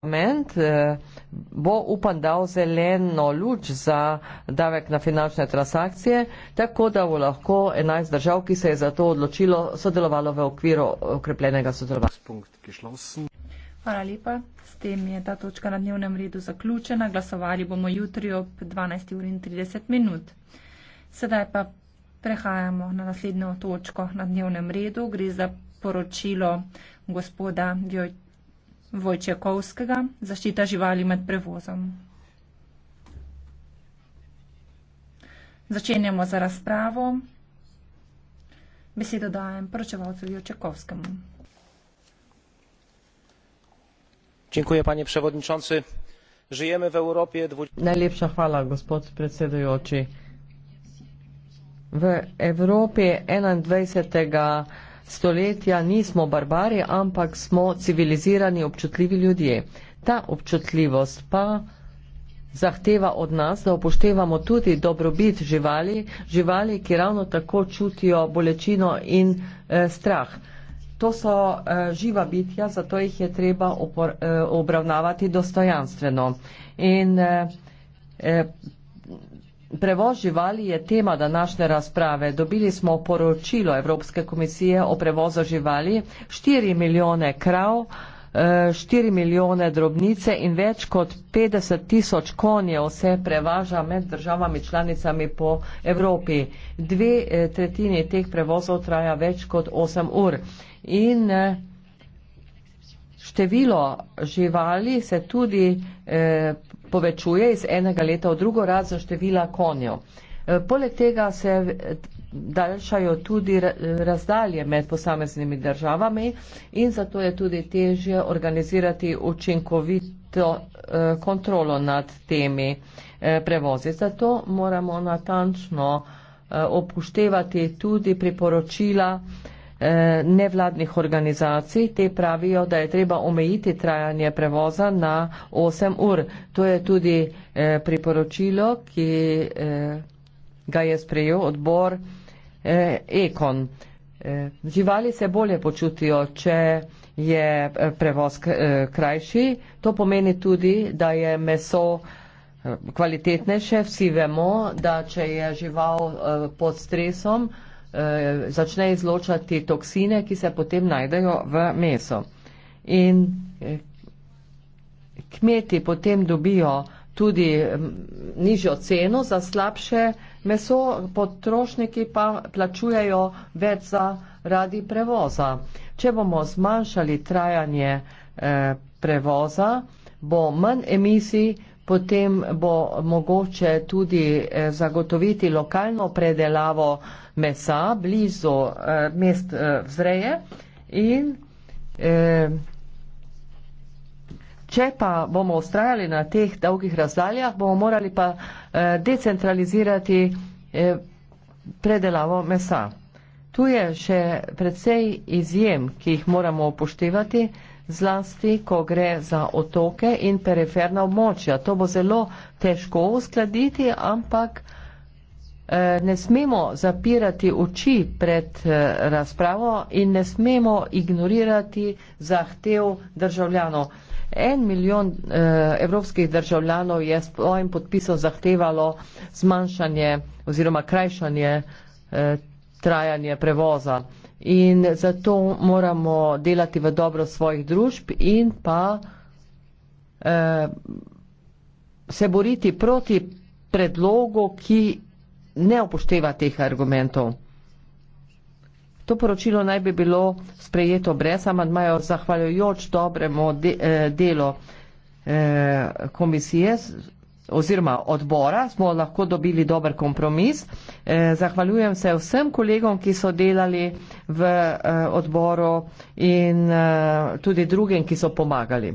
parlament eh, bo upam dal zeleno luč za davek na finančne transakcije, tako da bo lahko 11 držav, ki se je za to odločilo, sodelovalo v okviru okrepljenega sodelovanja. Hvala lepa. S tem je ta točka na dnevnem redu zaključena. Glasovali bomo jutri ob 12.30. Sedaj pa prehajamo na naslednjo točko na dnevnem redu. Gre za poročilo gospoda Vjojča. Vojčekovskega, zaščita živali med prevozom. Začenjamo za razpravo. Besedo dajem poročevalcu Vojčekovskemu. Dziękuję, panie przewodniczący. Żyjemy w Europie. Najlepsza chwała, gospod przewodniczący. W Europie 21 stoletja nismo barbari, ampak smo civilizirani, občutljivi ljudje. Ta občutljivost pa zahteva od nas, da upoštevamo tudi dobrobit živali, živali, ki ravno tako čutijo bolečino in eh, strah. To so eh, živa bitja, zato jih je treba opor, eh, obravnavati dostojanstveno. In, eh, eh, Prevoz živali je tema današnje razprave. Dobili smo poročilo Evropske komisije o prevozu živali. 4 milijone krav, 4 eh, milijone drobnice in več kot 50 tisoč konjev se prevaža med državami članicami po Evropi. Dve eh, tretjini teh prevozov traja več kot 8 ur. In eh, število živali se tudi eh, povečuje iz enega leta v drugo rad za števila konjev. E, poleg tega se daljšajo tudi razdalje med posameznimi državami in zato je tudi težje organizirati učinkovito e, kontrolo nad temi e, prevozi. Zato moramo natančno upoštevati tudi priporočila Eh, nevladnih organizacij. Te pravijo, da je treba omejiti trajanje prevoza na 8 ur. To je tudi eh, priporočilo, ki eh, ga je sprejel odbor Ekon. Živali se bolje počutijo, če je prevoz krajši. To pomeni tudi, da je meso kvalitetnejše. Vsi vemo, da če je žival pod stresom, Eh, začne izločati toksine, ki se potem najdejo v mesu. In eh, kmeti potem dobijo tudi mm, nižjo ceno za slabše meso, potrošniki pa plačujejo več za radi prevoza. Če bomo zmanjšali trajanje eh, prevoza, bo manj emisij, potem bo mogoče tudi eh, zagotoviti lokalno predelavo mesa blizu eh, mest eh, vzreje. In, če pa bomo ustrajali na teh dolgih razdaljah, bomo morali pa decentralizirati predelavo mesa. Tu je še predvsej izjem, ki jih moramo upoštevati, zlasti, ko gre za otoke in periferna območja. To bo zelo težko uskladiti, ampak eh, ne smemo zapirati oči pred eh, razpravo in ne smemo ignorirati zahtev državljanov. En milijon eh, evropskih državljanov je s svojim podpisom zahtevalo zmanjšanje oziroma krajšanje trajanje prevoza in zato moramo delati v dobro svojih družb in pa eh, se boriti proti predlogu, ki ne upošteva teh argumentov. To poročilo naj bi bilo sprejeto brez amadmajo zahvaljujoč dobremu de, eh, delu eh, komisije oziroma odbora smo lahko dobili dober kompromis. Eh, zahvaljujem se vsem kolegom, ki so delali v eh, odboru in eh, tudi drugim, ki so pomagali.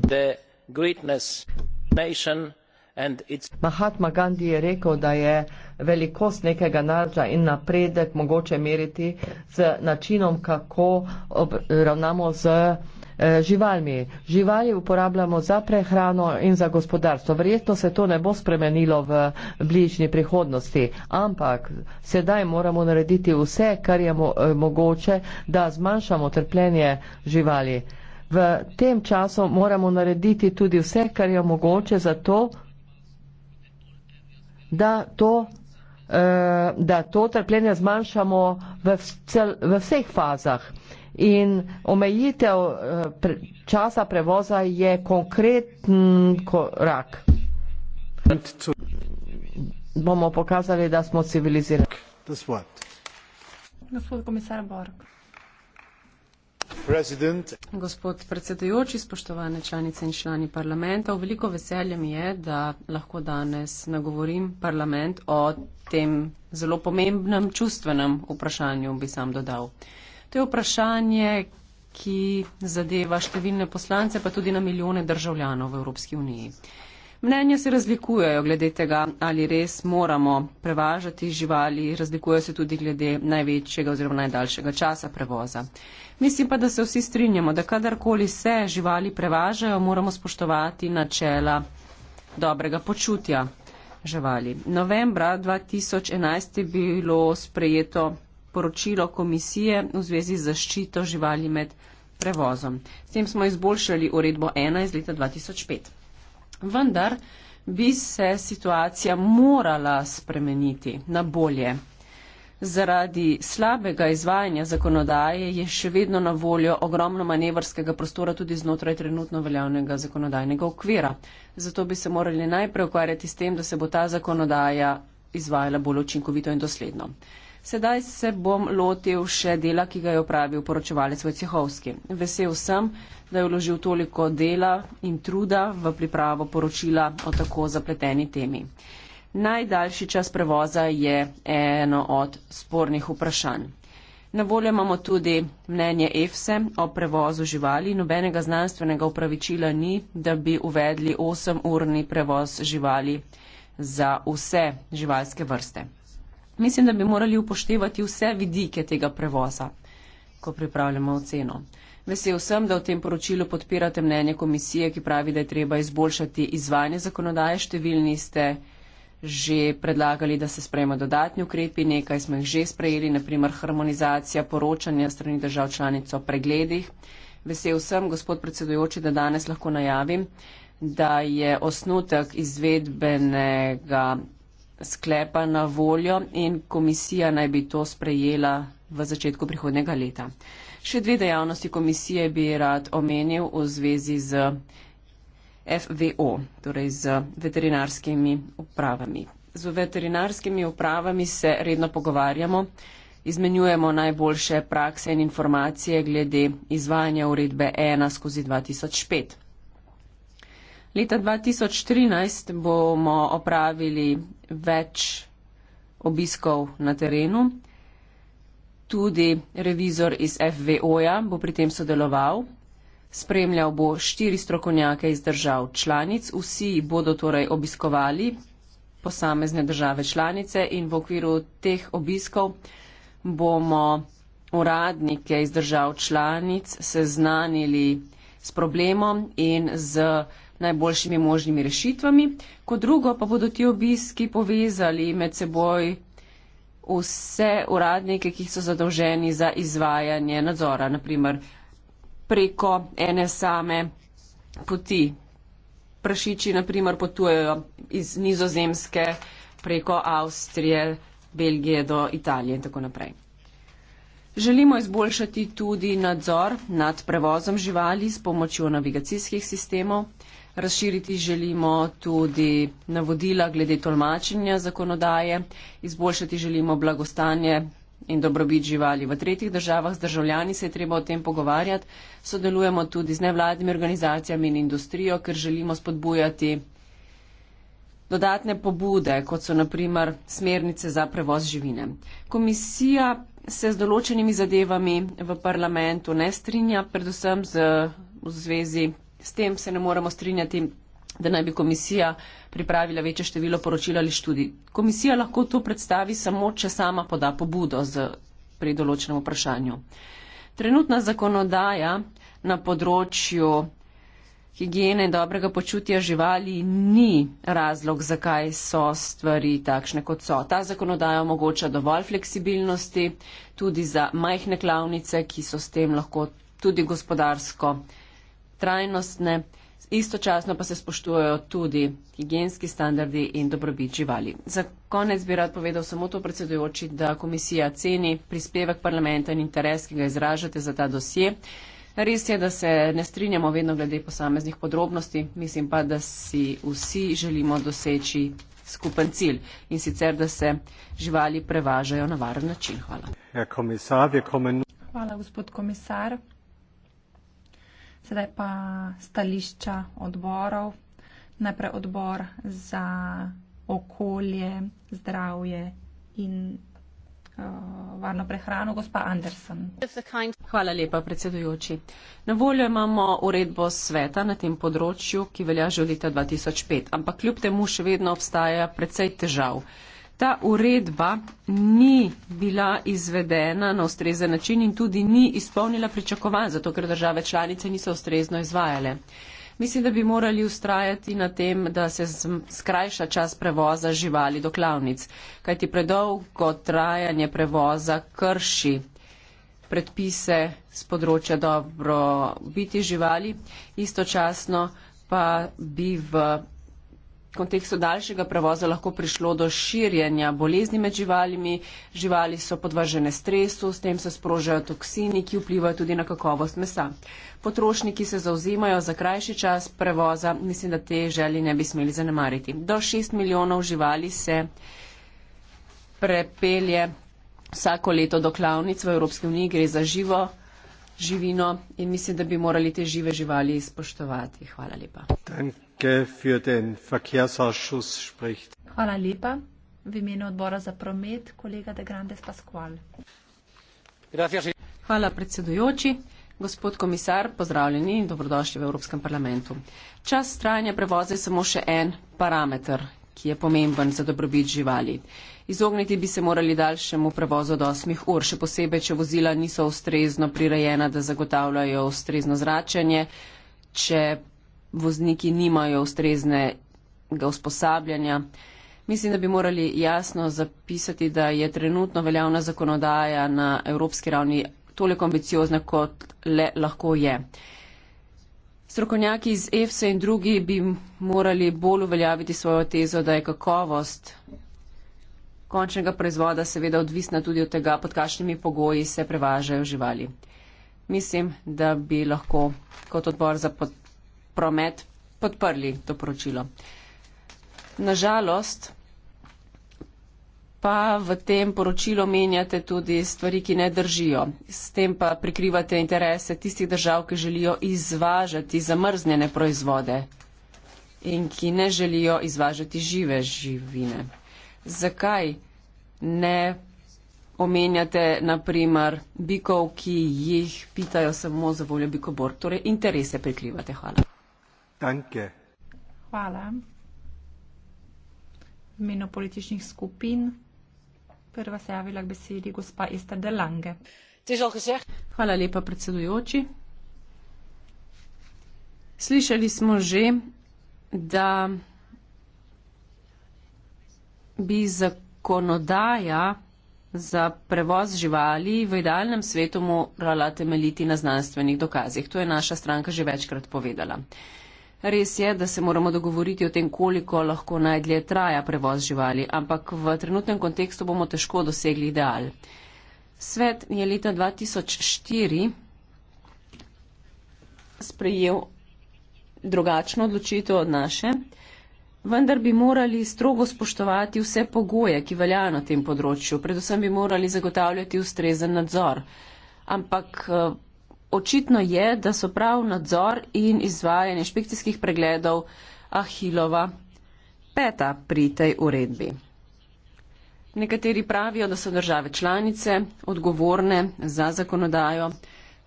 Mahatma Gandhi je rekel, da je velikost nekega naroda in napredek mogoče meriti z načinom, kako ravnamo z. Eh, živalmi. Živali uporabljamo za prehrano in za gospodarstvo. Verjetno se to ne bo spremenilo v bližnji prihodnosti, ampak sedaj moramo narediti vse, kar je eh, mogoče, da zmanjšamo trpljenje živali. V tem času moramo narediti tudi vse, kar je mogoče, zato, da to eh, da to trpljenje zmanjšamo v, cel, v vseh fazah. In omejitev eh, pre, časa prevoza je konkreten korak. Bomo pokazali, da smo civilizirani. Gospod komisar Borg. President. Gospod predsedujoči, spoštovane članice in člani parlamenta, veliko veselje mi je, da lahko danes nagovorim parlament o tem zelo pomembnem čustvenem vprašanju, bi sam dodal. To je vprašanje, ki zadeva številne poslance, pa tudi na milijone državljanov v Evropski uniji. Mnenja se razlikujejo glede tega, ali res moramo prevažati živali, razlikujejo se tudi glede največjega oziroma najdaljšega časa prevoza. Mislim pa, da se vsi strinjamo, da kadarkoli se živali prevažajo, moramo spoštovati načela dobrega počutja živali. Novembra 2011 je bilo sprejeto poročilo komisije v zvezi z zaščito živali med prevozom. S tem smo izboljšali uredbo 1 iz leta 2005. Vendar bi se situacija morala spremeniti na bolje. Zaradi slabega izvajanja zakonodaje je še vedno na voljo ogromno manevrskega prostora tudi znotraj trenutno veljavnega zakonodajnega okvira. Zato bi se morali najprej ukvarjati s tem, da se bo ta zakonodaja izvajala bolj učinkovito in dosledno. Sedaj se bom lotil še dela, ki ga je opravil poročevalec Vojcehovski. Vesel sem, da je vložil toliko dela in truda v pripravo poročila o tako zapleteni temi. Najdaljši čas prevoza je eno od spornih vprašanj. Na voljo imamo tudi mnenje EFSE o prevozu živali. Nobenega znanstvenega upravičila ni, da bi uvedli 8-urni prevoz živali za vse živalske vrste. Mislim, da bi morali upoštevati vse vidike tega prevoza, ko pripravljamo oceno. Vesel sem, da v tem poročilu podpirate mnenje komisije, ki pravi, da je treba izboljšati izvajanje zakonodaje. Številni ste že predlagali, da se sprejme dodatni ukrepi, nekaj smo jih že sprejeli, naprimer harmonizacija poročanja strani držav članic o pregledih. Vesel sem, gospod predsedujoči, da danes lahko najavim, da je osnutek izvedbenega sklepa na voljo in komisija naj bi to sprejela v začetku prihodnega leta. Še dve dejavnosti komisije bi rad omenil v zvezi z FVO, torej z veterinarskimi upravami. Z veterinarskimi upravami se redno pogovarjamo, izmenjujemo najboljše prakse in informacije glede izvajanja uredbe 1 skozi 2005. Leta 2013 bomo opravili več obiskov na terenu. Tudi revizor iz FVO-ja bo pri tem sodeloval. Spremljal bo štiri strokovnjake iz držav članic. Vsi bodo torej obiskovali posamezne države članice in v okviru teh obiskov bomo uradnike iz držav članic seznanili s problemom in z najboljšimi možnimi rešitvami, kot drugo pa bodo ti obiski povezali med seboj vse uradnike, ki so zadolženi za izvajanje nadzora, naprimer preko ene same poti. Prašiči, naprimer, potujejo iz nizozemske preko Avstrije, Belgije do Italije in tako naprej. Želimo izboljšati tudi nadzor nad prevozom živali s pomočjo navigacijskih sistemov. Razširiti želimo tudi navodila glede tolmačenja zakonodaje, izboljšati želimo blagostanje in dobrobit živali v tretjih državah. Z državljani se je treba o tem pogovarjati. Sodelujemo tudi z nevladnimi organizacijami in industrijo, ker želimo spodbujati dodatne pobude, kot so naprimer smernice za prevoz živine. Komisija se z določenimi zadevami v parlamentu ne strinja, predvsem z, v zvezi s tem se ne moremo strinjati, da naj bi komisija pripravila večje število poročil ali študij. Komisija lahko to predstavi samo, če sama poda pobudo z pri določenem vprašanju. Trenutna zakonodaja na področju higiene in dobrega počutja živali ni razlog, zakaj so stvari takšne, kot so. Ta zakonodaja omogoča dovolj fleksibilnosti tudi za majhne klavnice, ki so s tem lahko tudi gospodarsko trajnostne, istočasno pa se spoštujejo tudi higijenski standardi in dobrobit živali. Za konec bi rad povedal samo to predsedujoči, da komisija ceni prispevek parlamenta in interes, ki ga izražate za ta dosje. Res je, da se ne strinjamo vedno glede posameznih podrobnosti, mislim pa, da si vsi želimo doseči skupen cilj in sicer, da se živali prevažajo na varen način. Hvala. Hvala, gospod komisar. Sedaj pa stališča odborov. Najprej odbor za okolje, zdravje in uh, varno prehrano, gospa Andersen. Hvala lepa, predsedujoči. Na voljo imamo uredbo sveta na tem področju, ki velja že od leta 2005, ampak kljub temu še vedno obstaja precej težav. Uh, ta uredba ni bila izvedena na ustrezen način in tudi ni izpolnila pričakovanj, zato ker države članice niso ustrezno izvajale. Mislim, da bi morali ustrajati na tem, da se skrajša čas prevoza živali do klavnic, kajti predolgo trajanje prevoza krši predpise z področja dobro biti živali, istočasno pa bi v v kontekstu daljšega prevoza lahko prišlo do širjenja bolezni med živalimi. Živali so podvržene stresu, s tem se sprožajo toksini, ki vplivajo tudi na kakovost mesa. Potrošniki se zauzimajo za krajši čas prevoza, mislim, da te želi ne bi smeli zanemariti. Do 6 milijonov živali se prepelje vsako leto do klavnic v Evropski uniji, gre za živo živino in mislim, da bi morali te žive živali spoštovati. Hvala lepa. Thank Hvala lepa. V imenu odbora za promet, kolega De Grandes Pascual. Hvala predsedujoči. Gospod komisar, pozdravljeni in dobrodošli v Evropskem parlamentu. Čas trajanja prevoza je samo še en parameter, ki je pomemben za dobrobit živali. Izogniti bi se morali daljšemu prevozu od 8 ur, še posebej, če vozila niso ustrezno prirejena, da zagotavljajo ustrezno zračenje, če vozniki nimajo ustreznega usposabljanja. Mislim, da bi morali jasno zapisati, da je trenutno veljavna zakonodaja na evropski ravni toliko ambiciozna, kot le lahko je. Strokovnjaki iz EFSA in drugi bi morali bolj uveljaviti svojo tezo, da je kakovost končnega proizvoda seveda odvisna tudi od tega, pod kakšnimi pogoji se prevažajo živali. Mislim, da bi lahko kot odbor za podporo promet podprli to poročilo. Nažalost, pa v tem poročilu menjate tudi stvari, ki ne držijo. S tem pa prikrivate interese tistih držav, ki želijo izvažati zamrznjene proizvode in ki ne želijo izvažati žive živine. Zakaj ne omenjate, naprimer, bikov, ki jih pitajo samo za voljo bikobor? Torej, interese prikrivate. Hvala. Danke. Hvala. V imenu političnih skupin prva se javila k besedi gospa Ester de Lange. Hvala lepa, predsedujoči. Slišali smo že, da bi zakonodaja za prevoz živali v idealnem svetu morala temeljiti na znanstvenih dokazih. To je naša stranka že večkrat povedala. Res je, da se moramo dogovoriti o tem, koliko lahko najdlje traja prevoz živali, ampak v trenutnem kontekstu bomo težko dosegli ideal. Svet je leta 2004 sprejel drugačno odločitev od naše, vendar bi morali strogo spoštovati vse pogoje, ki veljajo na tem področju. Predvsem bi morali zagotavljati ustrezen nadzor. Ampak eh, očitno je, da so prav nadzor in izvajanje inšpekcijskih pregledov Ahilova peta pri tej uredbi. Nekateri pravijo, da so države članice odgovorne za zakonodajo,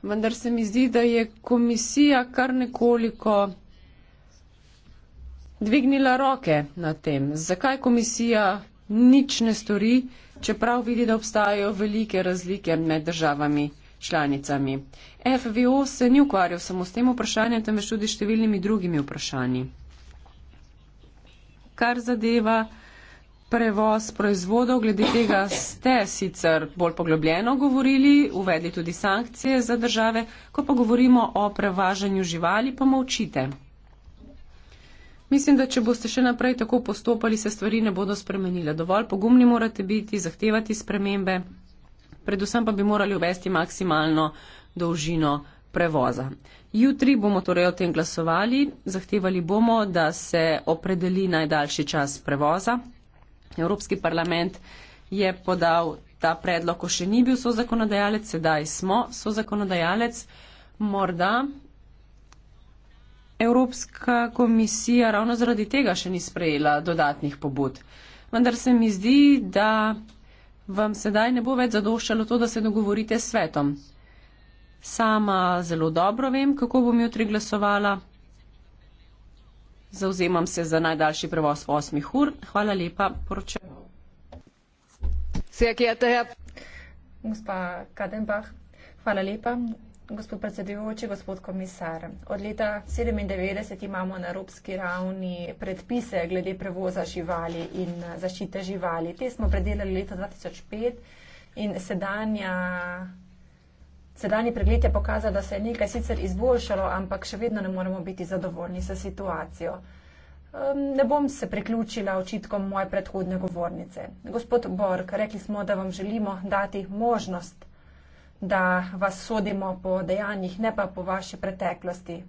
vendar se mi zdi, da je komisija kar nekoliko dvignila roke na tem. Zakaj komisija nič ne stori, čeprav vidi, da obstajajo velike razlike med državami? članicami. FVO se ni ukvarjal samo s tem vprašanjem, temveč tudi številnimi drugimi vprašanji. Kar zadeva prevoz proizvodov, glede tega ste sicer bolj poglobljeno govorili, uvedli tudi sankcije za države, ko pa govorimo o prevažanju živali, pa molčite. Mislim, da če boste še naprej tako postopali, se stvari ne bodo spremenile. Dovolj pogumni morate biti, zahtevati spremembe predvsem pa bi morali uvesti maksimalno dolžino prevoza. Jutri bomo torej o tem glasovali, zahtevali bomo, da se opredeli najdaljši čas prevoza. Evropski parlament je podal ta predlog, ko še ni bil so zakonodajalec, sedaj smo so zakonodajalec. Morda Evropska komisija ravno zaradi tega še ni sprejela dodatnih pobud. Vendar se mi zdi, da vam sedaj ne bo več zadoščalo to, da se dogovorite s svetom. Sama zelo dobro vem, kako bom jutri glasovala. Zauzemam se za najdaljši prevoz v 8 ur. Hvala lepa, poročevalo. Vse, ki je tega. Gospa Kadenbach, hvala lepa. Gospod predsedujoči, gospod komisar, od leta 1997 imamo na evropski ravni predpise glede prevoza živali in eh, zaščite živali. Te smo predelali leta 2005 in sedanja, sedanje pregled je pokazal, da se je nekaj sicer izboljšalo, ampak še vedno ne moremo biti zadovoljni s situacijo. Ne bom se priključila očitkom moje predhodne govornice. Gospod Bork, rekli smo, da vam želimo dati možnost da vas sodimo po dejanjih, ne pa po vaši preteklosti.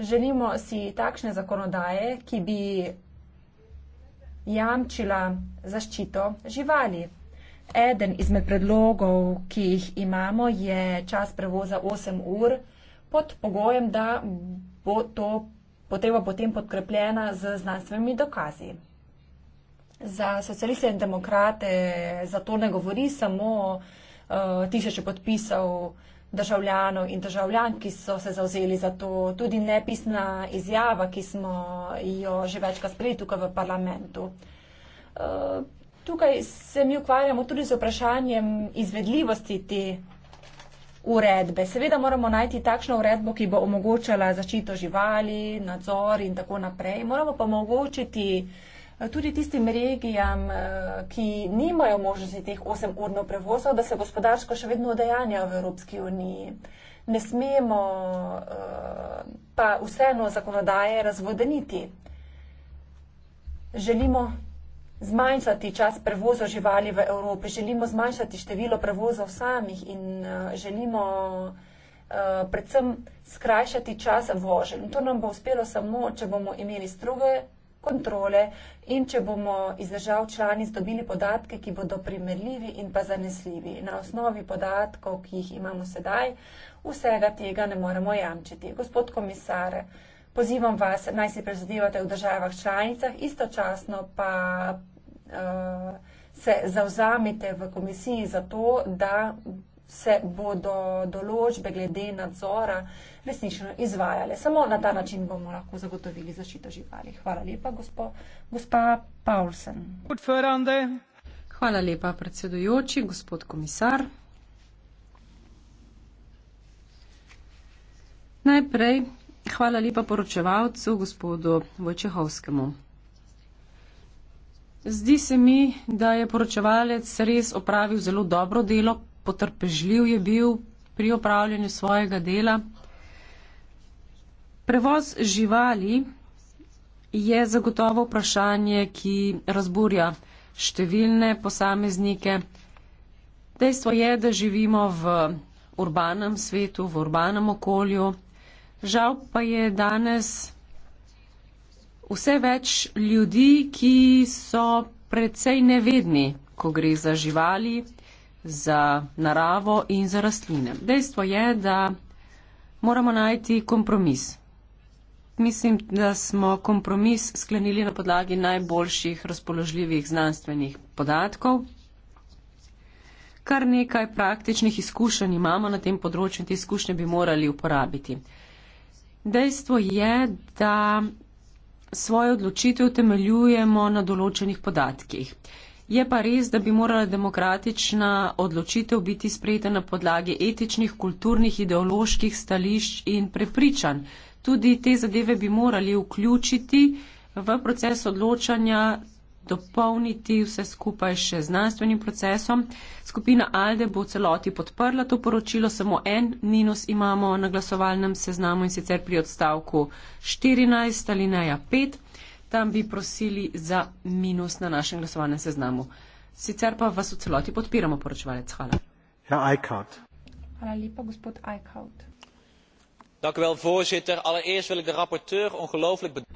Želimo si takšne zakonodaje, ki bi jamčila zaščito živali. Eden izmed predlogov, ki jih imamo, je čas prevoza 8 ur pod pogojem, da bo to potreba potem podkrepljena z znanstvenimi dokazi. Za socialiste in demokrate zato ne govori samo uh, eh, tisoče podpisov državljanov in državljan, ki so se zauzeli za to. Tudi nepisna izjava, ki smo jo že večkrat sprejeli tukaj v parlamentu. Uh, tukaj se mi ukvarjamo tudi z vprašanjem izvedljivosti te uredbe. Seveda moramo najti takšno uredbo, ki bo omogočala zaščito živali, nadzor in tako naprej. Moramo pa omogočiti uh, tudi tistim regijam, eh, ki nimajo možnosti teh 8-urno prevozov, da se gospodarsko še vedno odejanja v Evropski uniji. Ne smemo eh, pa vseeno zakonodaje razvodeniti. Želimo zmanjšati čas prevozov živali v Evropi, želimo zmanjšati število prevozov samih in eh, želimo predvsem skrajšati čas vožen. To nam bo uspelo samo, če bomo imeli struge kontrole in če bomo iz držav članic dobili podatke, ki bodo primerljivi in pa zanesljivi. Na osnovi podatkov, ki jih imamo sedaj, vsega tega ne moremo jamčiti. Gospod komisar, pozivam vas, naj si prezadevate v državah članicah, istočasno pa uh, se zauzamite v komisiji za to, da se bodo določbe glede nadzora resnično izvajale. Samo na ta način bomo lahko zagotovili zaščito živali. Hvala lepa, gospo, gospa Paulsen. Hvala lepa, predsedujoči, gospod komisar. Najprej hvala lepa poročevalcu, gospodu Vojčehovskemu. Zdi se mi, da je poročevalec res opravil zelo dobro delo, potrpežljiv je bil pri opravljanju svojega dela. Prevoz živali je zagotovo vprašanje, ki razburja številne posameznike. Dejstvo je, da živimo v urbanem svetu, v urbanem okolju. Žal pa je danes vse več ljudi, ki so precej nevedni, ko gre za živali, za naravo in za rastline. Dejstvo je, da moramo najti kompromis. Mislim, da smo kompromis sklenili na podlagi najboljših razpoložljivih znanstvenih podatkov. Kar nekaj praktičnih izkušenj imamo na tem področju in te izkušnje bi morali uporabiti. Dejstvo je, da svojo odločitev temeljujemo na določenih podatkih. Je pa res, da bi morala demokratična odločitev biti sprejeta na podlagi etičnih, kulturnih, ideoloških stališč in prepričanj. Tudi te zadeve bi morali vključiti v proces odločanja, dopolniti vse skupaj še znanstvenim procesom. Skupina Alde bo celoti podprla to poročilo, samo en minus imamo na glasovalnem seznamu in sicer pri odstavku 14 ali neja 5 tam bi prosili za minus na našem glasovanem seznamu. Sicer pa vas v celoti podpiramo, poročevalec. Hvala. Ja, iCard. Hvala lepa, gospod iCard.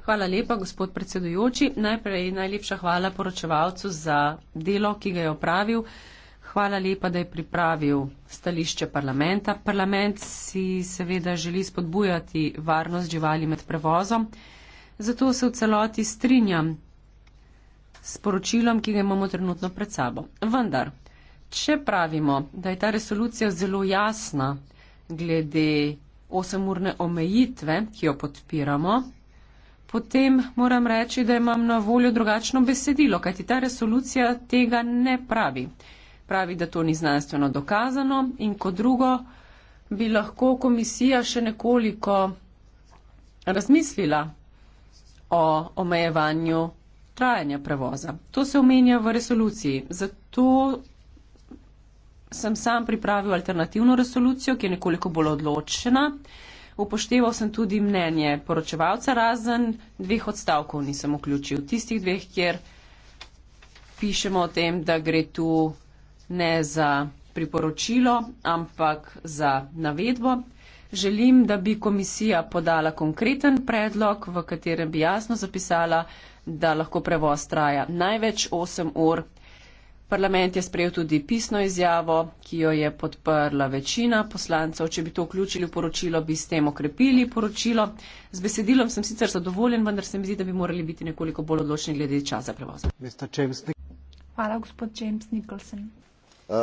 Hvala lepa, gospod predsedujoči. Najprej najlepša hvala poročevalcu za delo, ki ga je opravil. Hvala lepa, da je pripravil stališče parlamenta. Parlament si seveda želi spodbujati varnost živali med prevozom zato se v celoti strinjam s poročilom, ki ga imamo trenutno pred sabo. Vendar, če pravimo, da je ta resolucija zelo jasna glede 8-urne omejitve, ki jo podpiramo, potem moram reči, da imam na voljo drugačno besedilo, kajti ta resolucija tega ne pravi. Pravi, da to ni znanstveno dokazano in kot drugo bi lahko komisija še nekoliko razmislila o omejevanju trajanja prevoza. To se omenja v resoluciji. Zato sem sam pripravil alternativno resolucijo, ki je nekoliko bolj odločena. Upošteval sem tudi mnenje poročevalca, razen dveh odstavkov nisem vključil. Tistih dveh, kjer pišemo o tem, da gre tu ne za priporočilo, ampak za navedbo. Želim, da bi komisija podala konkreten predlog, v katerem bi jasno zapisala, da lahko prevoz traja največ 8 ur. Parlament je sprejel tudi pisno izjavo, ki jo je podprla večina poslancev. Če bi to vključili v poročilo, bi s tem okrepili poročilo. Z besedilom sem sicer zadovoljen, vendar se mi zdi, da bi morali biti nekoliko bolj odločni glede časa prevoza. Hvala, gospod James Nicholson. Uh,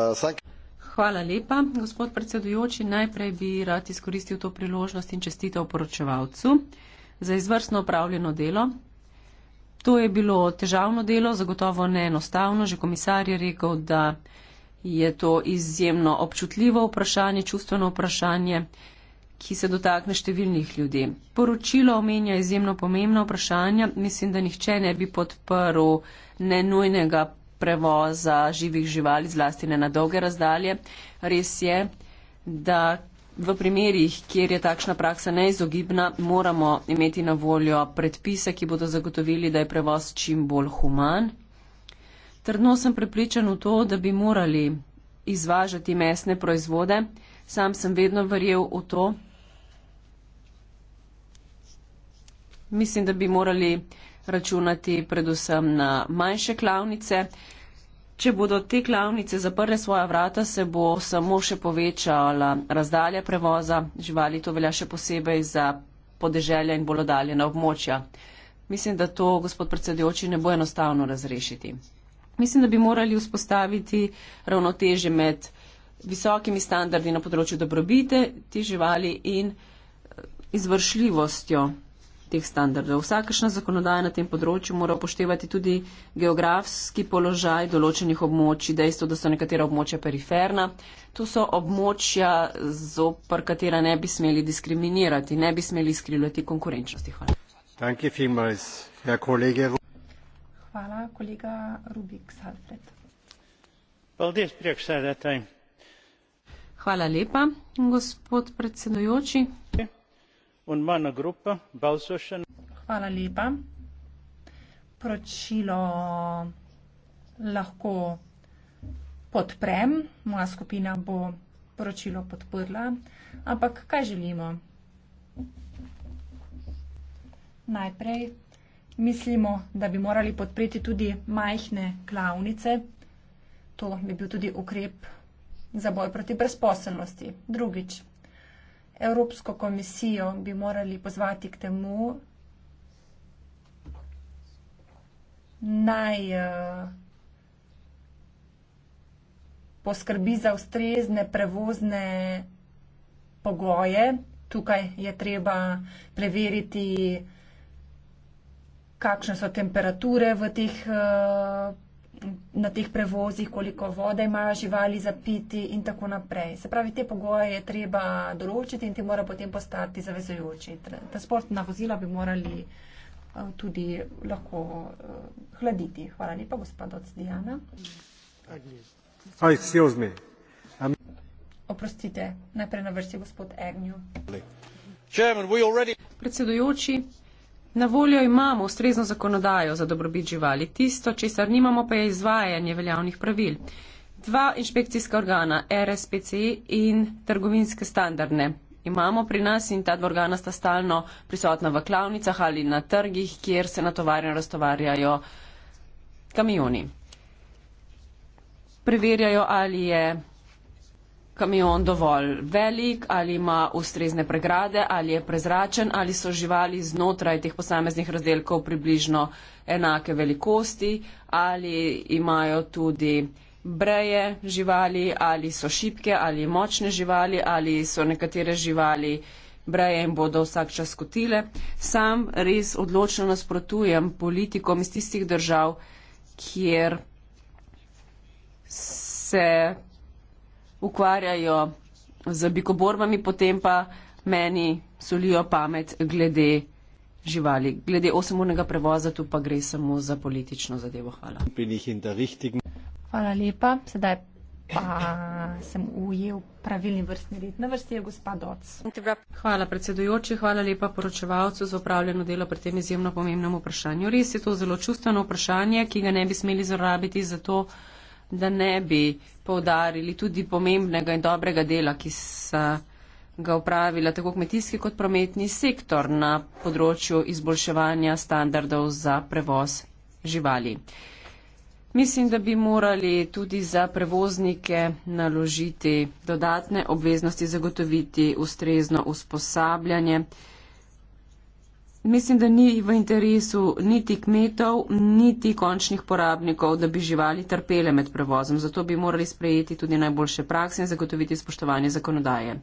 Hvala lepa, gospod predsedujoči. Najprej bi rad izkoristil to priložnost in čestitev poročevalcu za izvrstno upravljeno delo. To je bilo težavno delo, zagotovo neenostavno. Že komisar je rekel, da je to izjemno občutljivo vprašanje, čustveno vprašanje, ki se dotakne številnih ljudi. Poročilo omenja izjemno pomembna vprašanja. Mislim, da nihče ne bi podprl nenujnega prevoza živih živali, zlasti ne na dolge razdalje. Res je, da v primerjih, kjer je takšna praksa neizogibna, moramo imeti na voljo predpise, ki bodo zagotovili, da je prevoz čim bolj human. Trdno sem prepričan v to, da bi morali izvažati mesne proizvode. Sam sem vedno verjel v to. Mislim, da bi morali računati predvsem na manjše klavnice. Če bodo te klavnice zaprle svoja vrata, se bo samo še povečala razdalja prevoza živali. To velja še posebej za podeželja in bolj oddaljena območja. Mislim, da to, gospod predsedujoči, ne bo enostavno razrešiti. Mislim, da bi morali vzpostaviti ravnoteže med visokimi standardi na področju dobrobite te živali in eh, izvršljivostjo teh standardov. Vsakašna zakonodaja na tem področju mora poštevati tudi geografski položaj določenih območij, dejstvo, da so nekatera območja periferna. To so območja, zopr katera ne bi smeli diskriminirati, ne bi smeli skrivljati konkurenčnosti. Hvala. Hvala, kolega Rubik Salfred. Hvala lepa, gospod predsedujoči. Hvala lepa. Pročilo lahko podprem, moja skupina bo pročilo podprla, ampak kaj želimo? Najprej mislimo, da bi morali podpreti tudi majhne klavnice. To bi bil tudi ukrep za boj proti brezposelnosti. Drugič, Evropsko komisijo bi morali pozvati k temu, naj eh, poskrbi za ustrezne prevozne pogoje. Tukaj je treba preveriti, kakšne so temperature v teh pogojih, eh, na teh prevozih, koliko vode imajo živali za piti in tako naprej. Se pravi, te pogoje je treba določiti in ti mora potem postati zavezujoči. Ta sportna vozila bi morali eh, tudi lahko eh, hladiti. Hvala lepa, gospod Ocdijana. Um, Oprostite, najprej na vrsti gospod Agnew. Predsedujoči, Na voljo imamo ustrezno zakonodajo za dobrobit živali, tisto, česar nimamo, pa je izvajanje veljavnih pravil. Dva inšpekcijska organa, RSPC e in trgovinske standardne. Imamo pri nas in ta dva organa sta stalno prisotna v klavnicah ali na trgih, kjer se natovarjajo in raztovarjajo kamioni. Preverjajo, ali je kamion dovolj velik, ali ima ustrezne pregrade, ali je prezračen, ali so živali znotraj teh posameznih razdelkov približno enake velikosti, ali imajo tudi breje živali, ali so šipke, ali močne živali, ali so nekatere živali breje in bodo vsak čas kotile. Sam res odločno nasprotujem politikom iz tistih držav, kjer se ukvarjajo z bikoborbami, potem pa meni solijo pamet glede živali. Glede osemurnega prevoza tu pa gre samo za politično zadevo. Hvala. Hvala lepa. Sedaj pa sem ujel pravilni vrstni red. Na vrsti je gospa Doc. Hvala predsedujoči, hvala lepa poročevalcu za upravljeno delo pri tem izjemno pomembnem vprašanju. Res je to zelo čustveno vprašanje, ki ga ne bi smeli zarabiti za to, da ne bi poudarili tudi pomembnega in dobrega dela, ki se ga upravila tako kmetijski kot prometni sektor na področju izboljševanja standardov za prevoz živali. Mislim, da bi morali tudi za prevoznike naložiti dodatne obveznosti, zagotoviti ustrezno usposabljanje. Mislim, da ni v interesu niti kmetov, niti končnih porabnikov, da bi živali trpele med prevozom. Zato bi morali sprejeti tudi najboljše prakse in zagotoviti spoštovanje zakonodaje.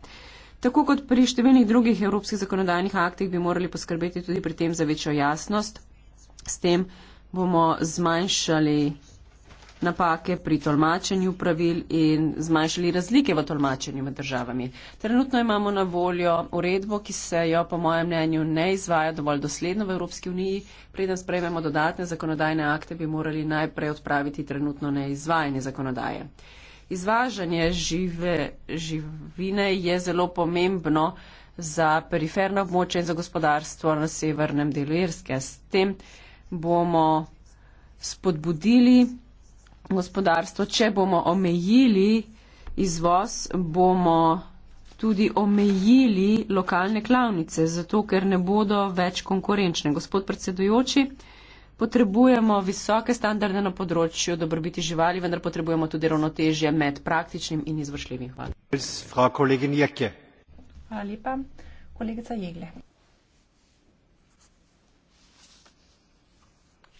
Tako kot pri številnih drugih evropskih zakonodajnih aktih bi morali poskrbeti tudi pri tem za večjo jasnost. S tem bomo zmanjšali napake pri tolmačenju pravil in zmanjšali razlike v tolmačenju med državami. Trenutno imamo na voljo uredbo, ki se jo po mojem mnenju ne izvaja dovolj dosledno v Evropski uniji. Preden sprejmemo dodatne zakonodajne akte, bi morali najprej odpraviti trenutno neizvajanje zakonodaje. Izvažanje žive živine je zelo pomembno za periferno območje in za gospodarstvo na severnem delu Irske. S tem bomo spodbudili gospodarstvo, če bomo omejili izvoz, bomo tudi omejili lokalne klavnice, zato ker ne bodo več konkurenčne. Gospod predsedujoči, potrebujemo visoke standarde na področju dobrobiti živali, vendar potrebujemo tudi ravnotežje med praktičnim in izvršljivim. Hvala. Hvala lepa. Kolegica Jegle.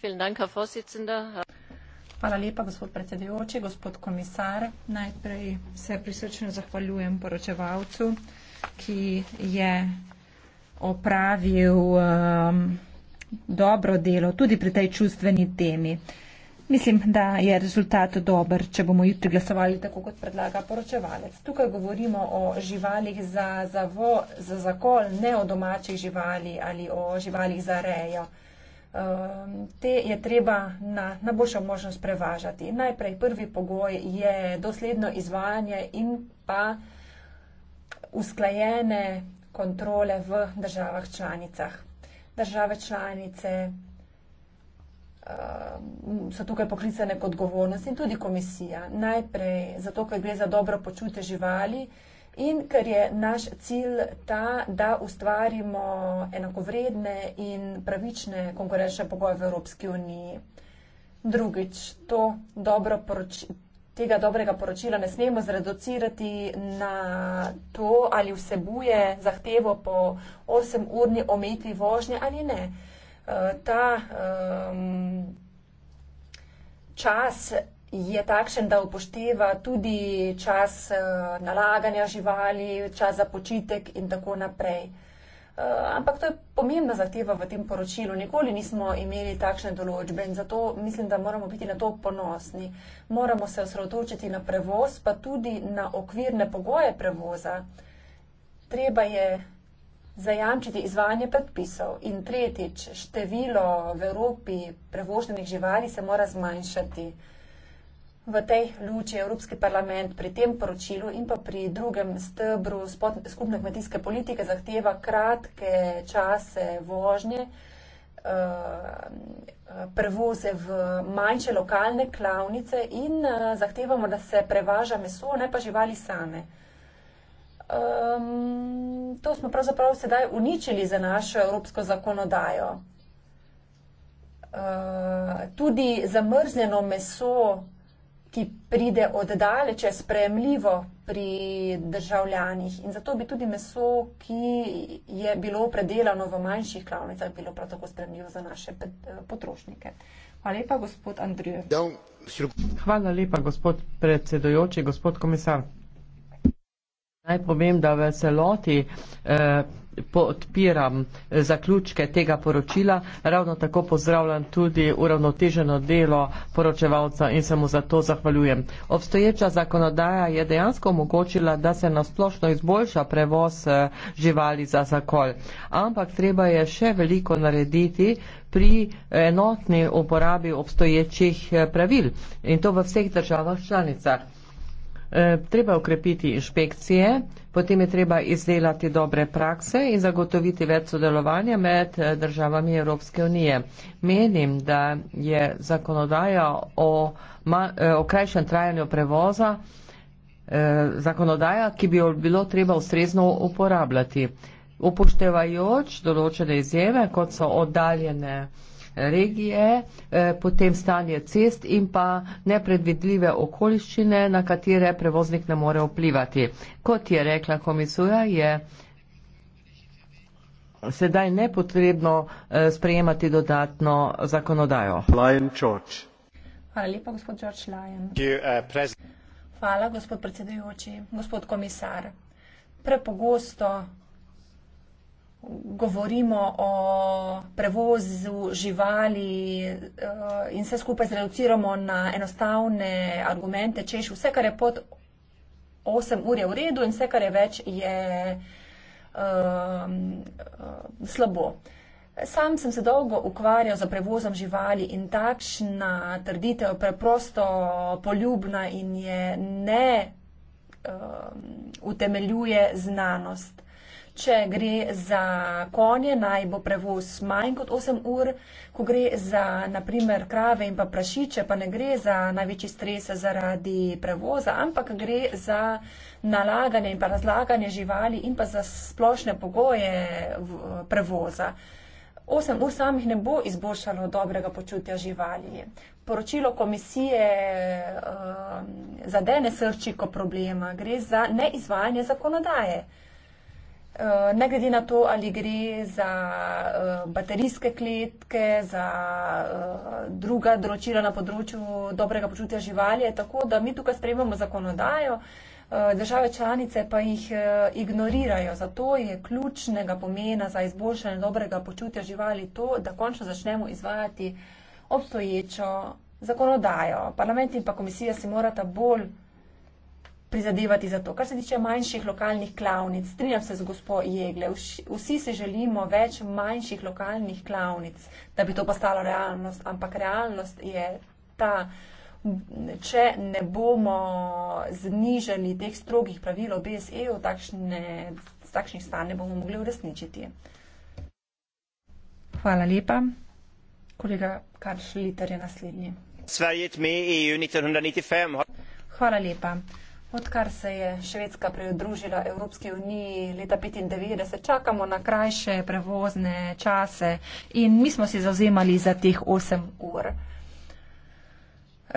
Vielen Dank, Herr Vorsitzender. Hvala lepa, gospod predsedujoči, gospod komisar. Najprej se prisrčno zahvaljujem poročevalcu, ki je opravil um, dobro delo tudi pri tej čustveni temi. Mislim, da je rezultat dober, če bomo jutri glasovali tako, kot predlaga poročevalec. Tukaj govorimo o živalih za, za, vo, za zakol, ne o domačih živali ali o živalih za rejo. Uh, Ehm, te je treba na najboljšo možnost prevažati. Najprej prvi pogoj je dosledno izvajanje in pa usklajene kontrole v državah članicah. Države članice ehm, so tukaj poklicane kot govornost in tudi komisija. Najprej, zato ker gre za dobro počutje živali, In ker je naš cilj ta, da ustvarimo enakovredne in pravične konkurenčne pogoje v Evropski uniji. Drugič, dobro tega dobrega poročila ne smemo zreducirati na to, ali vsebuje zahtevo po 8-urni omejitvi vožnje ali ne. Eh, ta um, čas je takšen, da upošteva tudi čas eh, nalaganja živali, čas za počitek in tako naprej. Eh, ampak to je pomembna zahteva v tem poročilu. Nikoli nismo imeli takšne določbe in zato mislim, da moramo biti na to ponosni. Moramo se osredotočiti na prevoz, pa tudi na okvirne pogoje prevoza. Treba je zajamčiti izvajanje predpisov. In tretjič, število v Evropi prevoženih živali se mora zmanjšati v tej luči Evropski parlament pri tem poročilu in pa pri drugem stebru skupne kmetijske politike zahteva kratke čase vožnje, eh, prevoze v manjše lokalne klavnice in eh, zahtevamo, da se prevaža meso, ne pa živali same. Um, to smo pravzaprav sedaj uničili za našo evropsko zakonodajo. Uh, tudi zamrznjeno meso ki pride od daleč, je sprejemljivo pri državljanih. In zato bi tudi meso, ki je bilo predelano v manjših klavnicah, bilo prav tako sprejemljivo za naše eh, potrošnike. Hvala lepa, gospod Andrijev. Ja, Hvala lepa, gospod predsedojoči, gospod komisar naj povem, da v celoti eh, podpiram eh, zaključke tega poročila. Ravno tako pozdravljam tudi uravnoteženo delo poročevalca in se mu za to zahvaljujem. Obstoječa zakonodaja je dejansko omogočila, da se nasplošno izboljša prevoz eh, živali za zakol. Ampak treba je še veliko narediti pri enotni uporabi obstoječih eh, pravil in to v vseh državah članicah. Eh, treba ukrepiti inšpekcije, potem je treba izdelati dobre prakse in zagotoviti več sodelovanja med eh, državami Evropske unije. Menim, da je zakonodaja o, eh, o krajšem trajanju prevoza zakonodaja, ki bi jo bilo treba ustrezno uporabljati. Upoštevajoč določene izjeme, kot so oddaljene regije, eh, potem stanje cest in pa nepredvidljive okoliščine, na katere prevoznik ne more vplivati. Kot je rekla komisija, je sedaj nepotrebno eh, sprejemati dodatno zakonodajo. Hvala lepa, gospod George Lyon. Uh, Hvala, gospod predsedujoči, gospod komisar. Prepogosto govorimo o prevozu živali eh, in vse skupaj zreduciramo na enostavne argumente, češ vse, kar je pod 8 ur je v redu in vse, kar je več, je um, slabo. Sam sem se dolgo ukvarjal z prevozom živali in takšna trditev je preprosto poljubna in je ne um, utemeljuje znanost. Če gre za konje, naj bo prevoz manj kot 8 ur, ko gre za naprimer krave in pa prašiče, pa ne gre za največji stres zaradi prevoza, ampak gre za nalaganje in pa razlaganje živali in pa za splošne pogoje prevoza. 8 ur samih ne bo izboljšalo dobrega počutja živali. Poročilo komisije uh, zadene srčiko problema, gre za neizvajanje zakonodaje. Eh, ne glede na to, ali gre za eh, baterijske kletke, za eh, druga določila na področju dobrega počutja živali, je tako, da mi tukaj sprejemamo zakonodajo, države članice pa jih ignorirajo. Zato je ključnega pomena za izboljšanje dobrega počutja živali to, da končno začnemo izvajati obstoječo zakonodajo. Parlament in pa komisija si morata bolj prizadevati za to. Kar se tiče manjših lokalnih klavnic, strinjam se z gospo Jegle, vsi se želimo več manjših lokalnih klavnic, da bi to postalo realnost, ampak realnost je ta, če ne bomo znižali teh strogih pravil BSE-ju, takšnih stanj ne bomo mogli uresničiti. Hvala lepa. Kolega Karš Liter je naslednji. Er e Hvala lepa. Odkar se je Švedska pridružila Evropski uniji leta 1995, čakamo na krajše prevozne čase in mi smo se zauzemali za teh 8 ur.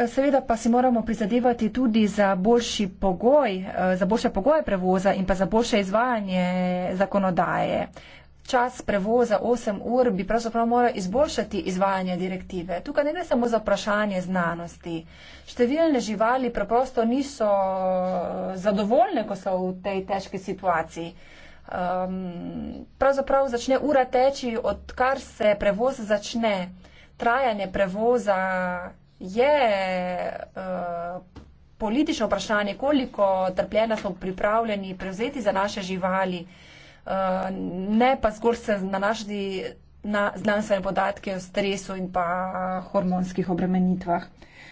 Seveda pa si moramo prizadevati tudi za, boljši pogoj, za boljše pogoje prevoza in pa za boljše izvajanje zakonodaje čas prevoza 8 ur bi pravzaprav moral izboljšati izvajanje direktive. Tukaj ne gre samo za vprašanje znanosti. Številne živali preprosto niso eh, zadovoljne, ko so v tej težki situaciji. Um, pravzaprav začne ura teči, odkar se prevoz začne. Trajanje prevoza je uh, politično vprašanje, koliko trpljenja smo pripravljeni prevzeti za naše živali. Uh, ne pa zgolj se nanašati na znanstvene podatke o stresu in pa hormonskih obremenitvah.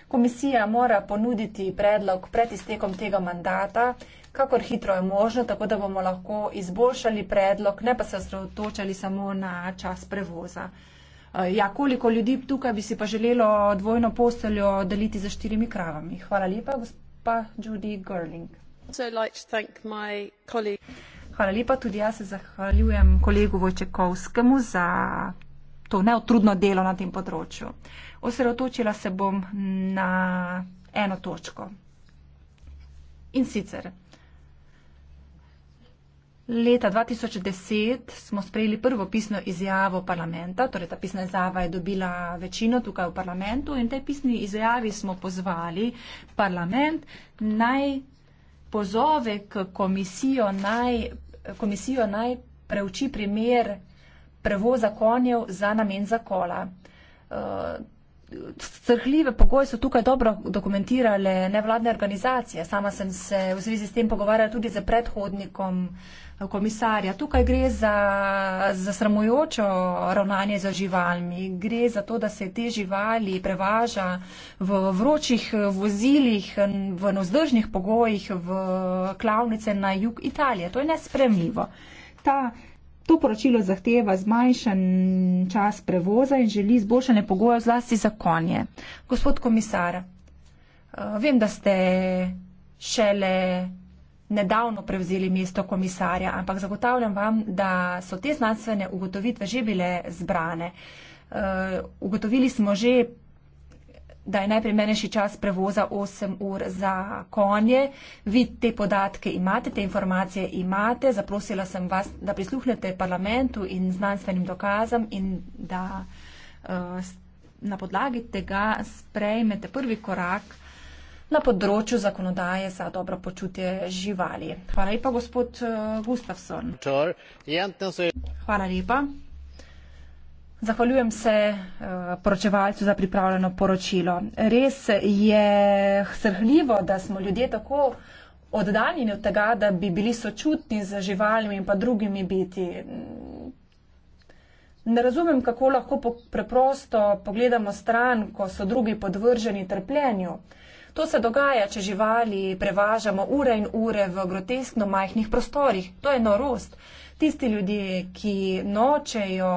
Komisija mora ponuditi predlog pred iztekom tega mandata, kakor hitro je možno, tako da bomo lahko izboljšali predlog, ne pa se osredotočali samo na čas prevoza. Eh, ja, koliko ljudi tukaj bi si pa želelo dvojno posteljo deliti za štirimi kravami? Hvala lepa, gospa Judy Gerling. Hvala lepa. Tudi jaz se zahvaljujem kolegu Vojčekovskemu za to neotrudno delo na tem področju. Osredotočila se bom na eno točko. In sicer. Leta 2010 smo sprejeli prvo pisno izjavo parlamenta, torej ta pisna izjava je dobila večino tukaj v parlamentu in tej pisni izjavi smo pozvali parlament naj pozove k komisijo, naj komisijo naj preuči primer prevoza konjev za namen zakola. Eh, Strhljive pogoje so tukaj dobro dokumentirale nevladne organizacije. Sama sem se v zvezi s tem pogovarjala tudi z predhodnikom eh, komisarja. Tukaj gre za, za sramujočo ravnanje za živalmi. Gre za to, da se te živali prevaža v vročih eh, vozilih, v nozdržnih pogojih, v klavnice na jug Italije. To je nespremljivo. Ta To poročilo zahteva zmanjšan čas prevoza in želi izboljšanje pogojev zlasti za konje. Gospod komisar, eh, vem, da ste šele nedavno prevzeli mesto komisarja, ampak zagotavljam vam, da so te znanstvene ugotovitve že bile zbrane. Eh, ugotovili smo že da je najprimernejši čas prevoza 8 ur za konje. Vi te podatke imate, te informacije imate. Zaprosila sem vas, da prisluhnete parlamentu in znanstvenim dokazam in da uh, na podlagi tega sprejmete prvi korak na področju zakonodaje za dobro počutje živali. Hvala lepa, gospod eh, Gustafsson. Hvala lepa. Zahvaljujem se eh, poročevalcu za pripravljeno poročilo. Res je srhljivo, da smo ljudje tako oddaljeni od tega, da bi bili sočutni z živalmi in pa drugimi biti. Ne razumem, kako lahko preprosto pogledamo stran, ko so drugi podvrženi trpljenju. To se dogaja, če živali prevažamo ure in ure v groteskno majhnih prostorih. To je norost. Tisti ljudje, ki nočejo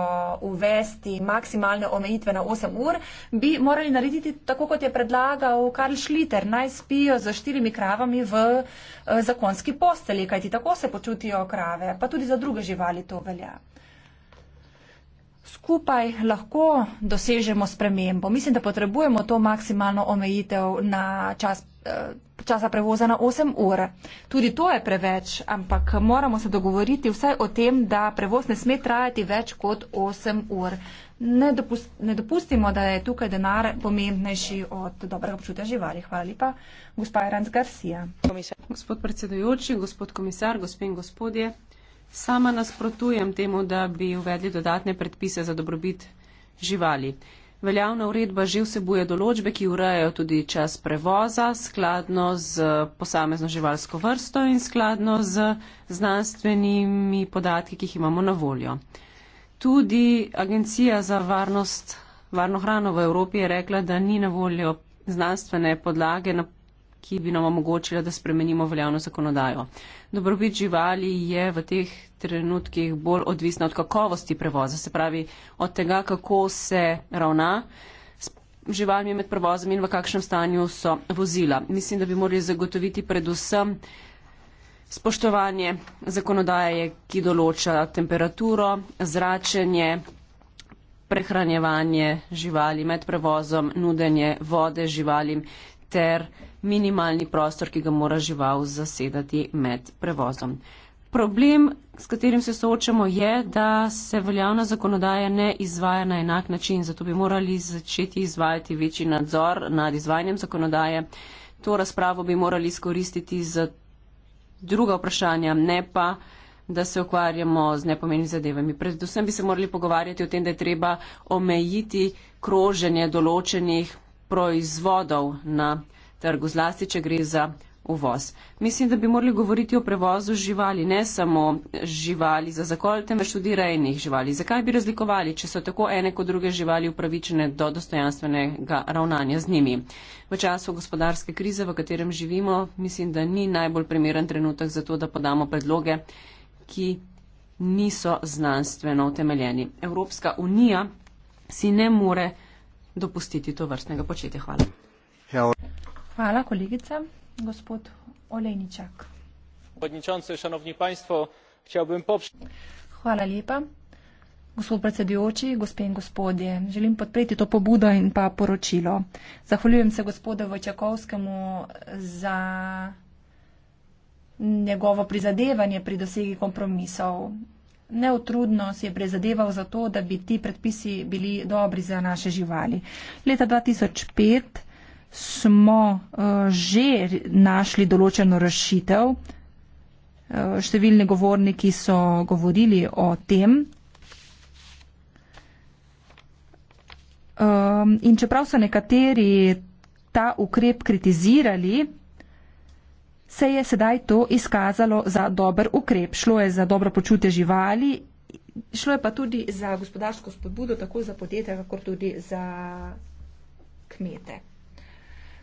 uvesti maksimalne omejitve na 8 ur, bi morali narediti tako, kot je predlagal Karl Schlitter, naj spijo za štirimi kravami v eh, zakonski posteli, kajti tako se počutijo krave, pa tudi za druge živali to velja. Skupaj lahko dosežemo spremembo. Mislim, da potrebujemo to maksimalno omejitev na čas Eh, časa prevoza na 8 ur. Tudi to je preveč, ampak moramo se dogovoriti vsaj o tem, da prevoz ne sme trajati več kot 8 ur. Ne, dopust, ne dopustimo, da je tukaj denar pomembnejši od dobrega občutja živali. Hvala lepa, gospa Iranc Garcia. Gospod predsedujoči, gospod komisar, gospe in gospodje, sama nasprotujem temu, da bi uvedli dodatne predpise za dobrobit živali. Veljavna uredba že vsebuje določbe, ki urejajo tudi čas prevoza, skladno z posamezno živalsko vrsto in skladno z znanstvenimi podatki, ki jih imamo na voljo. Tudi Agencija za varnost, varno hrano v Evropi je rekla, da ni na voljo znanstvene podlage na ki bi nam omogočila, da spremenimo veljavno zakonodajo. Dobrobit živali je v teh trenutkih bolj odvisna od kakovosti prevoza, se pravi od tega, kako se ravna s živalmi med prevozom in v kakšnem stanju so vozila. Mislim, da bi morali zagotoviti predvsem spoštovanje zakonodaje, ki določa temperaturo, zračenje, prehranjevanje živali med prevozom, nudenje vode živalim ter minimalni prostor, ki ga mora žival zasedati med prevozom. Problem, s katerim se soočamo, je, da se veljavna zakonodaja ne izvaja na enak način, zato bi morali začeti izvajati večji nadzor nad izvajanjem zakonodaje. To razpravo bi morali izkoristiti za druga vprašanja, ne pa, da se ukvarjamo z nepomeni zadevami. Predvsem bi se morali pogovarjati o tem, da je treba omejiti kroženje določenih proizvodov na trgu, zlasti, če gre za uvoz. Mislim, da bi morali govoriti o prevozu živali, ne samo živali za zakol, temveč tudi rejnih živali. Zakaj bi razlikovali, če so tako ene kot druge živali upravičene do dostojanstvenega ravnanja z njimi? V času gospodarske krize, v katerem živimo, mislim, da ni najbolj primeren trenutek za to, da podamo predloge, ki niso znanstveno utemeljeni. Evropska unija si ne more dopustiti to vrstnega početja. Hvala. Ja, Hvala, kolegica. Gospod Olejničak. Podničance, šanovni panjstvo, čel bom popšči. Hvala lepa. Gospod predsedujoči, gospe in gospodje, želim podpreti to pobudo in pa poročilo. Zahvaljujem se gospodu Vojčakovskemu za njegovo prizadevanje pri dosegi kompromisov. Neutrudno si je prizadeval za to, da bi ti predpisi bili dobri za naše živali. Leta 2005 smo eh, že našli določeno rešitev. Eh, številni govorniki so govorili o tem. Ehm, in čeprav so nekateri ta ukrep kritizirali, se je sedaj to izkazalo za dober ukrep. Šlo je za dobro počutje živali, šlo je pa tudi za gospodarsko spodbudo, tako za podjetja, kakor tudi za kmete.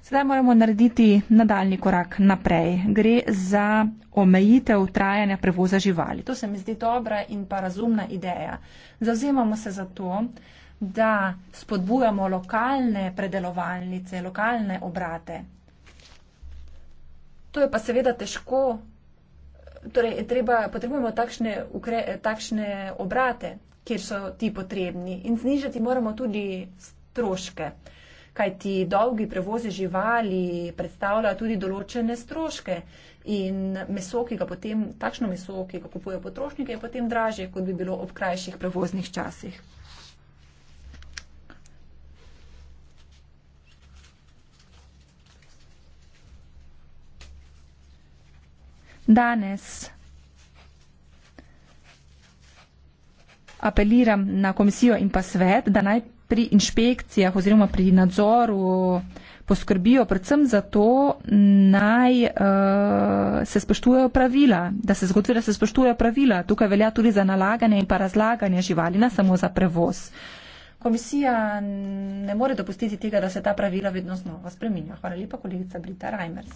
Sedaj moramo narediti nadaljni korak naprej. Gre za omejitev trajanja prevoza živali. To se mi zdi dobra in pa razumna ideja. Zauzemamo se za to, da spodbujamo lokalne predelovalnice, lokalne obrate. To je pa seveda težko. Torej, treba, potrebujemo takšne, ukre, takšne obrate, kjer so ti potrebni in znižati moramo tudi stroške kajti dolgi prevozi živali predstavljajo tudi določene stroške. In meso, ki ga potem, takšno meso, ki ga kupujejo potrošniki, je potem dražje, kot bi bilo ob krajših prevoznih časih. Danes apeliram na komisijo in pa svet, da naj pri inšpekcijah oziroma pri nadzoru poskrbijo predvsem za to, naj uh, se spoštujejo pravila, da se zgodi, da se spoštujejo pravila. Tukaj velja tudi za nalaganje in pa razlaganje živali, ne samo za prevoz. Komisija ne more dopustiti tega, da se ta pravila vedno znova spreminja. Hvala lepa, kolegica Brita Reimers.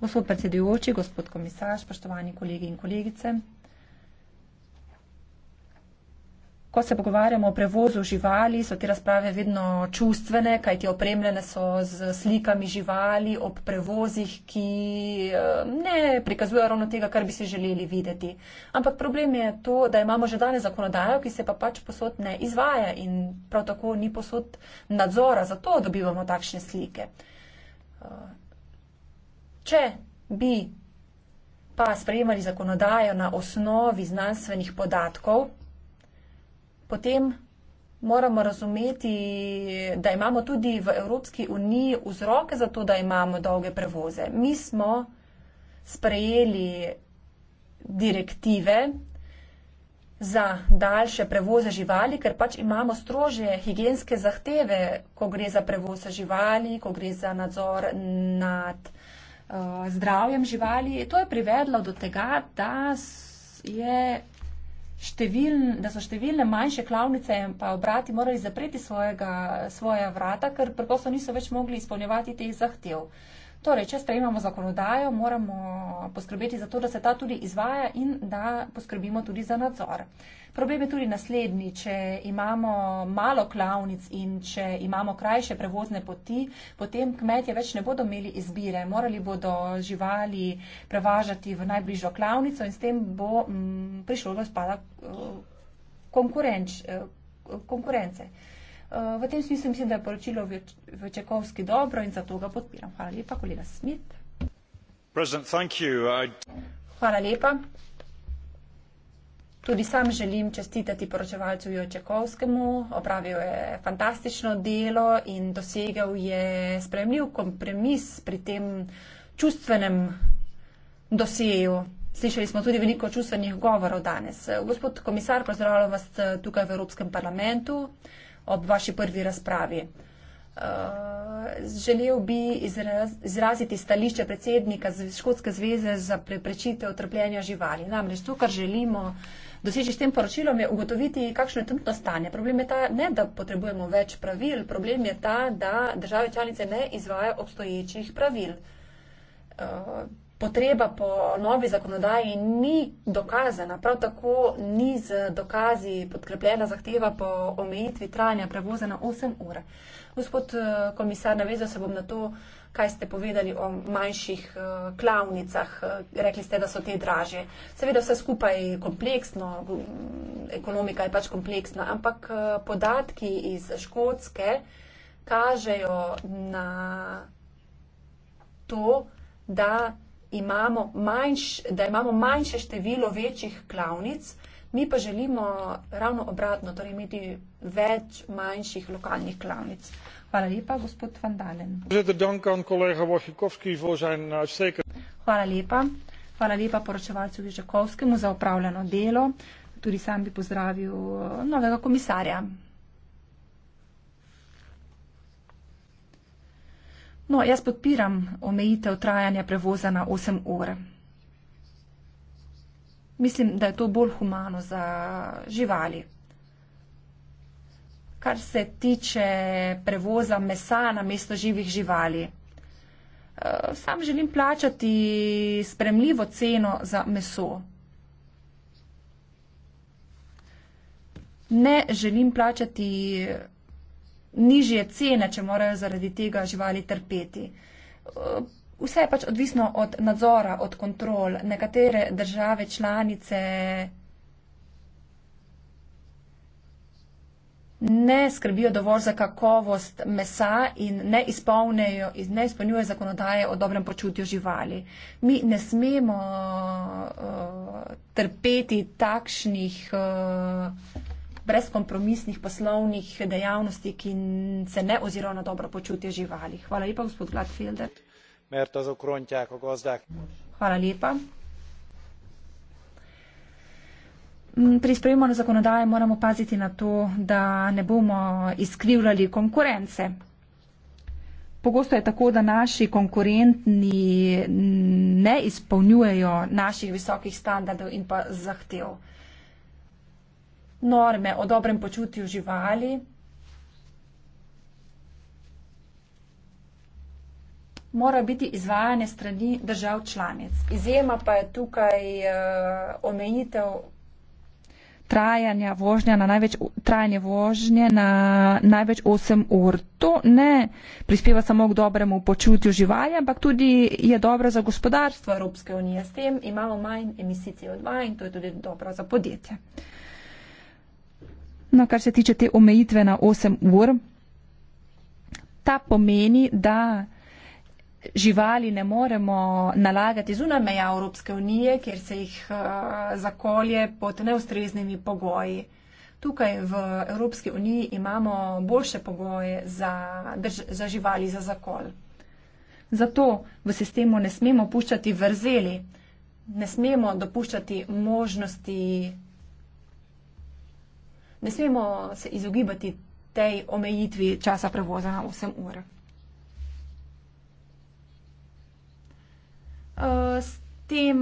Gospod predsedujoči, gospod komisar, spoštovani kolegi in kolegice. Ko se pogovarjamo o prevozu živali, so te razprave vedno čustvene, kajti opremljene so z slikami živali ob prevozih, ki eh, ne prikazujejo ravno tega, kar bi si želeli videti. Ampak problem je to, da imamo že danes zakonodajo, ki se pa pač posod ne izvaja in prav tako ni posod nadzora, zato dobivamo takšne slike. Eh, če bi pa sprejemali zakonodajo na osnovi znanstvenih podatkov, potem moramo razumeti, da imamo tudi v Evropski uniji vzroke za to, da imamo dolge prevoze. Mi smo sprejeli direktive za daljše prevoze živali, ker pač imamo strože higijenske zahteve, ko gre za prevoze živali, ko gre za nadzor nad uh, zdravjem živali. To je privedlo do tega, da je številn, da so številne manjše klavnice in pa obrati morali zapreti svojega, svoja vrata, ker preprosto niso več mogli izpolnjevati teh zahtev. Torej, če sprejemamo zakonodajo, moramo poskrbeti za to, da se ta tudi izvaja in da poskrbimo tudi za nadzor. Problem je tudi naslednji, če imamo malo klavnic in če imamo krajše prevozne poti, potem kmetje več ne bodo imeli izbire. Morali bodo živali prevažati v najbližjo klavnico in s tem bo m, mm, prišlo do spada eh, konkurenč, eh, konkurence. Eh, v tem smislu mislim, da je poročilo v Čekovski dobro in zato ga podpiram. Hvala lepa, kolega Smith. Hvala lepa. Tudi sam želim čestitati poročevalcu Jočekovskemu. Opravil je fantastično delo in dosegel je spremljiv kompromis pri tem čustvenem dosejo. Slišali smo tudi veliko čustvenih govorov danes. Gospod komisar, pozdravljam vas tukaj v Evropskem parlamentu ob vaši prvi razpravi. Uh, želel bi izraziti stališče predsednika Škotske zveze za preprečitev trpljenja živali. Namreč to, kar želimo doseči s tem poročilom, je ugotoviti, kakšno je trenutno stanje. Problem je ta, ne da potrebujemo več pravil, problem je ta, da države članice ne izvajo obstoječih pravil. Uh, potreba po novi zakonodaji ni dokazana, prav tako ni z dokazi podkrepljena zahteva po omejitvi trajanja prevoza na 8 ur. Gospod eh, komisar, navezal se bom na to, kaj ste povedali o manjših eh, klavnicah. Eh, rekli ste, da so te draže. Seveda vse skupaj je kompleksno, ekonomika je pač kompleksna, ampak podatki iz Škotske kažejo na to, da imamo, manjš, da imamo manjše število večjih klavnic, mi pa želimo ravno obratno, torej imeti več manjših lokalnih klavnic. Hvala lepa, gospod Vandalen. Äh, Hvala lepa. Hvala lepa poročevalcu Vižakovskemu za upravljeno delo. Tudi sam bi pozdravil äh, novega komisarja. No, jaz podpiram omejitev trajanja prevoza na 8 ur. Mislim, da je to bolj humano za živali. Kar se tiče prevoza mesa na mesto živih živali, eh, sam želim plačati spremljivo ceno za meso. Ne želim plačati nižje cene, če morajo zaradi tega živali trpeti. Vse je pač odvisno od nadzora, od kontrol. Nekatere države članice ne skrbijo dovolj za kakovost mesa in ne, ne izpolnjuje zakonodaje o dobrem počutju živali. Mi ne smemo uh, trpeti takšnih. Uh, brezkompromisnih poslovnih dejavnosti, ki se ne ozirajo na dobro počutje živali. Hvala lepa, gospod Gladfielder. Merta za okrontja, ko gozdak. Hvala lepa. Pri sprejemanju zakonodaje moramo paziti na to, da ne bomo izkrivljali konkurence. Pogosto je tako, da naši konkurentni ne izpolnjujejo naših visokih standardov in pa zahtev norme o dobrem počutju živali, mora biti izvajanje strani držav članic. Izjema pa je tukaj uh, eh, omenitev trajanja vožnje na največ, trajanje vožnje na največ 8 ur. To ne prispeva samo k dobremu počutju živali, ampak tudi je dobro za gospodarstvo Evropske unije. S tem imamo manj emisij CO2 in to je tudi dobro za podjetje. Uh, No, kar se tiče te omejitve na 8 ur, ta pomeni, da živali ne moremo nalagati zunaj meja Evropske unije, ker se jih eh, zakolje pod neustreznimi pogoji. Tukaj v Evropski uniji imamo boljše pogoje za, za živali, za zakol. Zato v sistemu ne smemo puščati vrzeli, ne smemo dopuščati možnosti ne smemo se izogibati tej omejitvi časa prevoza na 8 ur. E, s tem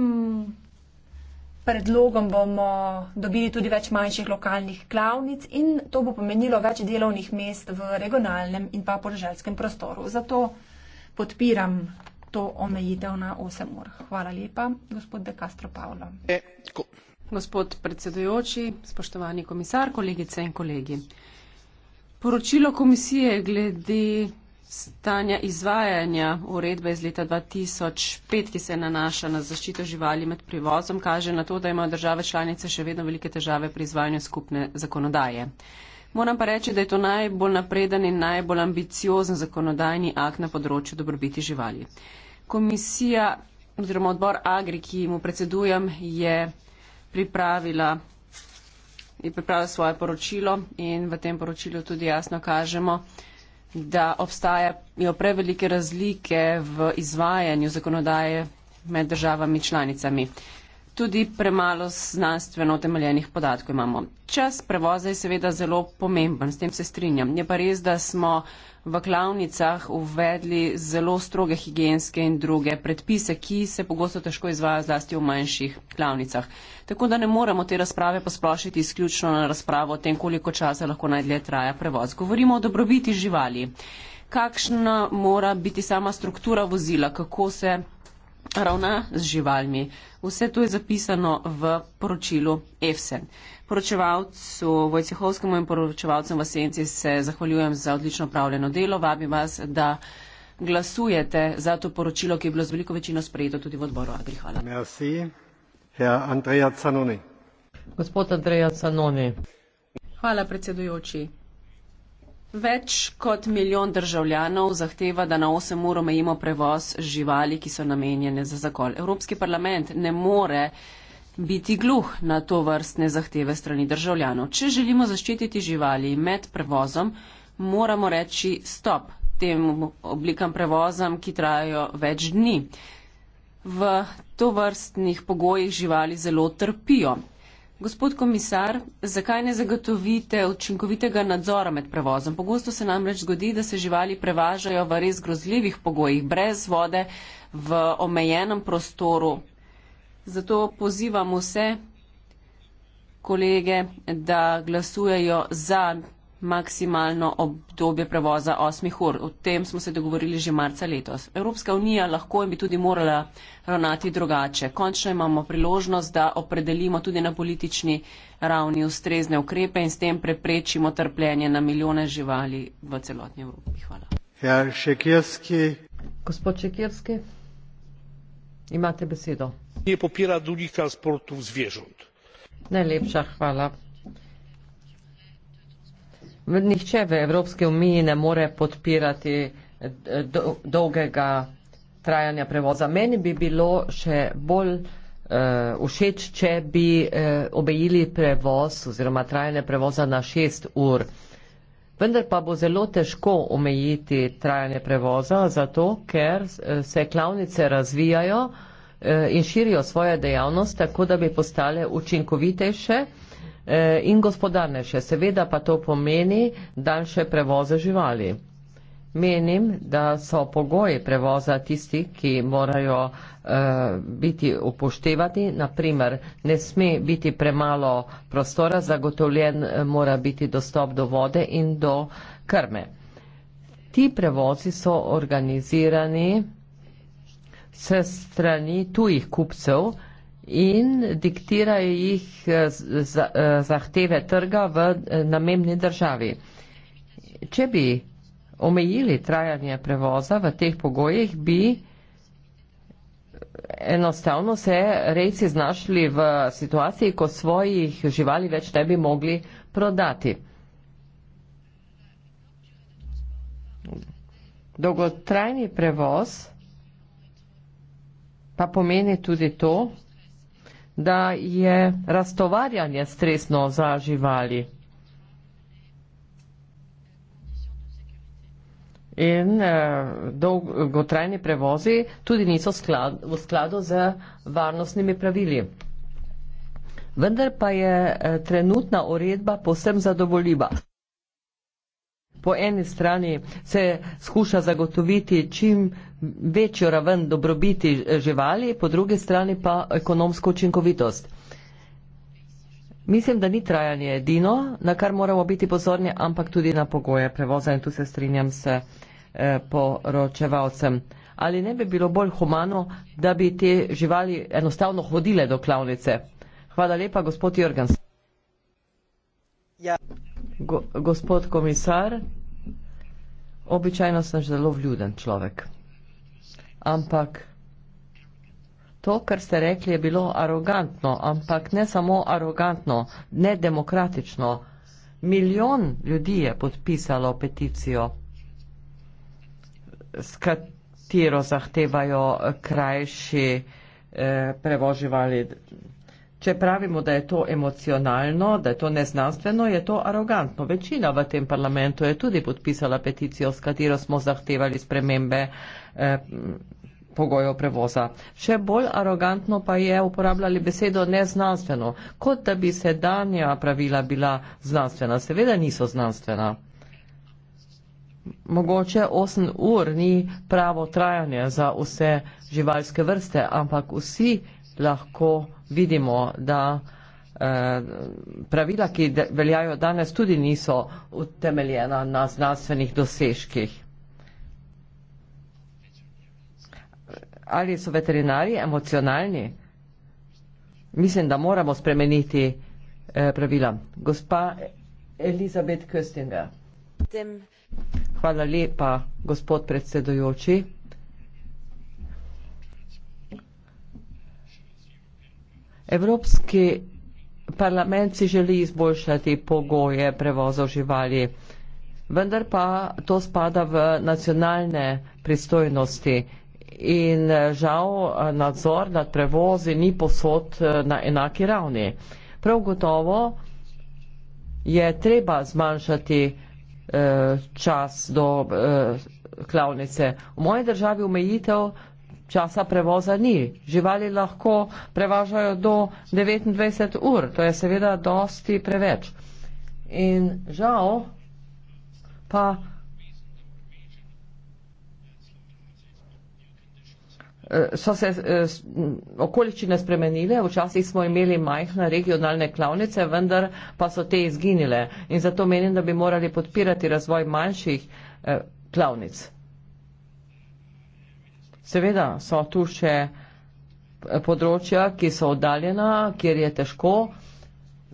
predlogom bomo dobili tudi več manjših lokalnih klavnic in to bo pomenilo več delovnih mest v regionalnem in pa podeželskem prostoru. Zato podpiram to omejitev na 8 ur. Hvala lepa, gospod De Castro Paolo. E, Gospod predsedujoči, spoštovani komisar, kolegice in kolegi. Poročilo komisije glede stanja izvajanja uredbe iz leta 2005, ki se nanaša na zaščito živali med privozom, kaže na to, da imajo države članice še vedno velike težave pri izvajanju skupne zakonodaje. Moram pa reči, da je to najbolj napreden in najbolj ambiciozen zakonodajni akt na področju dobrobiti živali. Komisija oziroma odbor Agri, ki mu predsedujem, je pripravila, je pripravila svoje poročilo in v tem poročilu tudi jasno kažemo, da obstajajo prevelike razlike v izvajanju zakonodaje med državami članicami tudi premalo znanstveno temeljenih podatkov imamo. Čas prevoza je seveda zelo pomemben, s tem se strinjam. Je pa res, da smo v klavnicah uvedli zelo stroge higijenske in druge predpise, ki se pogosto težko izvajo zlasti v manjših klavnicah. Tako da ne moremo te razprave posplošiti izključno na razpravo o tem, koliko časa lahko najdlje traja prevoz. Govorimo o dobrobiti živali. Kakšna mora biti sama struktura vozila, kako se ravna z živalmi. Vse to je zapisano v poročilu EFSE. Poročevalcu Vojcehovskemu in poročevalcem v Senci se zahvaljujem za odlično upravljeno delo. Vabim vas, da glasujete za to poročilo, ki je bilo z veliko večino sprejeto tudi v odboru Agri. Hvala. Merci. Herr Andreja Canoni. Gospod Andreja Canoni. Hvala predsedujoči. Več kot milijon državljanov zahteva, da na 8 ur omejimo prevoz živali, ki so namenjene za zakol. Evropski parlament ne more biti gluh na to vrstne zahteve strani državljanov. Če želimo zaščititi živali med prevozom, moramo reči stop tem oblikam prevozam, ki trajajo več dni. V to vrstnih pogojih živali zelo trpijo. Gospod komisar, zakaj ne zagotovite učinkovitega nadzora med prevozom? Pogosto se namreč zgodi, da se živali prevažajo v res grozljivih pogojih, brez vode, v omejenem prostoru. Zato pozivam vse kolege, da glasujejo za maksimalno obdobje prevoza 8 ur. O tem smo se dogovorili že marca letos. Evropska unija lahko in bi tudi morala ravnati drugače. Končno imamo priložnost, da opredelimo tudi na politični ravni ustrezne ukrepe in s tem preprečimo trpljenje na milijone živali v celotni Evropi. Hvala. Ja, Šekirski. Gospod Šekirski, imate besedo. Ne podpira drugih transportov zvežont. Najlepša hvala. Nihče v Evropski uniji ne more podpirati eh, dolgega trajanja prevoza. Meni bi bilo še bolj eh, všeč, če bi eh, obejili prevoz oziroma trajanje prevoza na 6 ur. Vendar pa bo zelo težko omejiti trajanje prevoza, zato ker se klavnice razvijajo in širijo svoje dejavnosti, tako da bi postale učinkovitejše. Eh, in gospodarnejše. Seveda pa to pomeni daljše prevoze živali. Menim, da so pogoji prevoza tisti, ki morajo eh, biti upoštevati. Naprimer, ne sme biti premalo prostora, zagotovljen eh, mora biti dostop do vode in do krme. Ti prevozi so organizirani se strani tujih kupcev, in diktirajo jih eh, eh, zahteve trga v eh, namemni državi. Če bi omejili trajanje prevoza v teh pogojih, bi enostavno se rejci znašli v situaciji, ko svojih živali več ne bi mogli prodati. Dolgotrajni prevoz pa pomeni tudi to, da je raztovarjanje stresno za živali. In eh, dolgotrajni prevozi tudi niso sklad, v skladu z varnostnimi pravili. Vendar pa je eh, trenutna uredba posebno zadovoljiva po eni strani se skuša zagotoviti čim večjo raven dobrobiti eh, živali, po drugi strani pa ekonomsko učinkovitost. Mislim, da ni trajanje edino, na kar moramo biti pozorni, ampak tudi na pogoje prevoza in tu se strinjam se eh, poročevalcem. Ali ne bi bilo bolj humano, da bi te živali enostavno hodile do klavnice? Hvala lepa, gospod Jorgens. Ja. Go, gospod komisar. Običajno sem zelo vljuden človek. Ampak to, kar ste rekli, je bilo arogantno, ampak ne samo arogantno, ne demokratično. Milijon ljudi je podpisalo peticijo, s katero zahtevajo krajši eh, prevoživali. Če pravimo, da je to emocionalno, da je to neznanstveno, je to arogantno. Večina v tem parlamentu je tudi podpisala peticijo, s katero smo zahtevali spremembe eh, pogojev prevoza. Še bolj arogantno pa je uporabljali besedo neznanstveno, kot da bi sedanja pravila bila znanstvena. Seveda niso znanstvena. Mogoče 8 ur ni pravo trajanje za vse živalske vrste, ampak vsi lahko vidimo, da eh, pravila, ki veljajo danes, tudi niso utemeljena na znanstvenih dosežkih. Ali so veterinari emocionalni? Mislim, da moramo spremeniti eh, pravila. Gospa Elizabet Köstinger. Hvala lepa, gospod predsedujoči. Evropski parlament si želi izboljšati pogoje prevozov živali, vendar pa to spada v nacionalne pristojnosti in žal nadzor nad prevozi ni posod na enaki ravni. Prav gotovo je treba zmanjšati eh, čas do eh, klavnice. V moji državi omejitev časa prevoza ni. Živali lahko prevažajo do 29 ur, to je seveda dosti preveč. In žal pa so se eh, okoličine spremenile, včasih smo imeli majhne regionalne klavnice, vendar pa so te izginile. In zato menim, da bi morali podpirati razvoj manjših eh, klavnic. Seveda so tu še eh, področja, ki so oddaljena, kjer je težko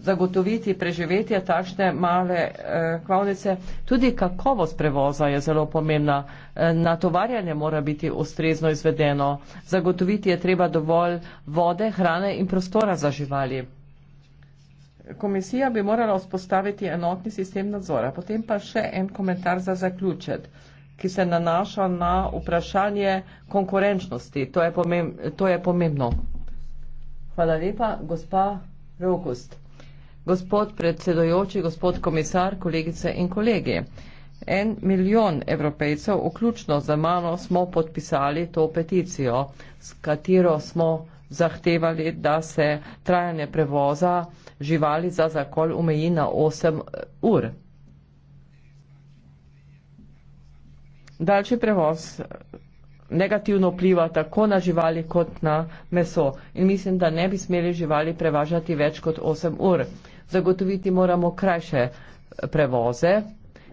zagotoviti preživetje takšne male eh, kvavnice. Tudi kakovost prevoza je zelo pomembna. Eh, natovarjanje mora biti ustrezno izvedeno. Zagotoviti je treba dovolj vode, hrane in prostora za živali. Komisija bi morala vzpostaviti enotni sistem nadzora. Potem pa še en komentar za zaključek ki se nanaša na vprašanje konkurenčnosti. To je, pomemb to je pomembno. Hvala lepa, gospa Rogust. Gospod predsedojoči, gospod komisar, kolegice in kolegi. En milijon evropejcev, vključno za mano, smo podpisali to peticijo, s katero smo zahtevali, da se trajanje prevoza živali za zakol umeji na 8 ur. daljši prevoz eh, negativno vpliva tako na živali kot na meso. In mislim, da ne bi smeli živali prevažati več kot 8 ur. Zagotoviti moramo krajše eh, prevoze,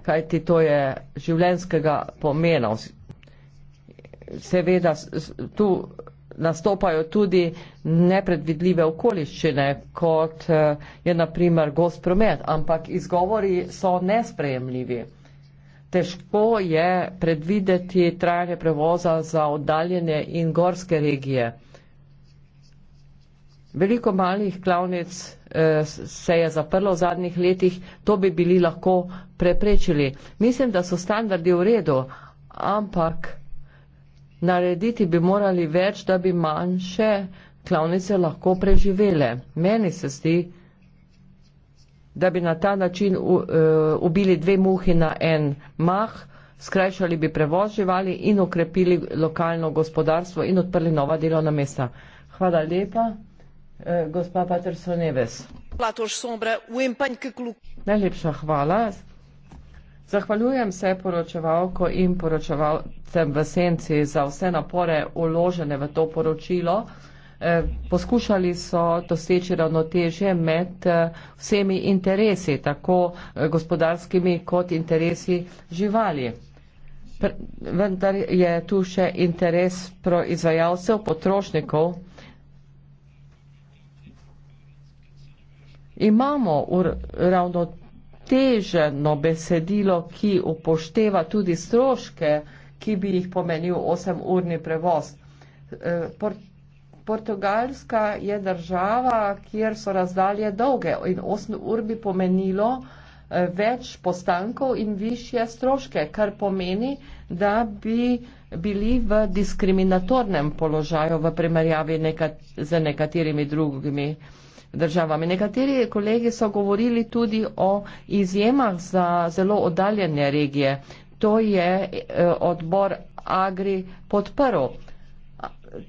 kajti to je življenskega pomena. Seveda tu nastopajo tudi nepredvidljive okoliščine, kot eh, je naprimer gost promet, ampak izgovori so nesprejemljivi težko je predvideti trajanje prevoza za oddaljene in gorske regije. Veliko malih klavnic eh, se je zaprlo v zadnjih letih, to bi bili lahko preprečili. Mislim, da so standardi v redu, ampak narediti bi morali več, da bi manjše klavnice lahko preživele. Meni se zdi, da bi na ta način e, ubili dve muhi na en mah, skrajšali bi prevoz živali in okrepili lokalno gospodarstvo in odprli nova delovna mesta. Hvala lepa, e, gospa Patersoneves. Najlepša hvala. Zahvaljujem se poročevalko in poročevalcem v senci za vse napore uložene v to poročilo. Eh, poskušali so doseči ravnoteže med eh, vsemi interesi, tako eh, gospodarskimi kot interesi živali. Vendar je tu še interes proizvajalcev, potrošnikov. Imamo uravnoteženo besedilo, ki upošteva tudi stroške, ki bi jih pomenil 8-urni prevoz. Port Portugalska je država, kjer so razdalje dolge in 8 ur bi pomenilo eh, več postankov in višje stroške, kar pomeni, da bi bili v diskriminatornem položaju v primerjavi nekat, z nekaterimi drugimi državami. Nekateri kolegi so govorili tudi o izjemah za zelo oddaljene regije. To je eh, odbor Agri podprl.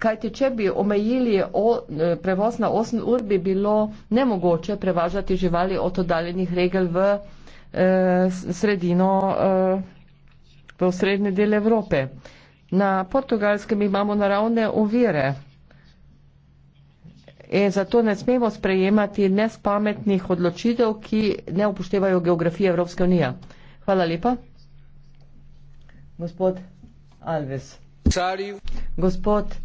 Kajti, če bi omejili o, e, prevoz na 8 ur, bi bilo nemogoče prevažati živali od oddaljenih regel v eh, sredino, eh, v srednji del Evrope. Na portugalskem imamo naravne uvire. E, zato ne smemo sprejemati nespametnih odločitev, ki ne upoštevajo geografije Evropske unije. Hvala lepa. Gospod Alves. Gospod.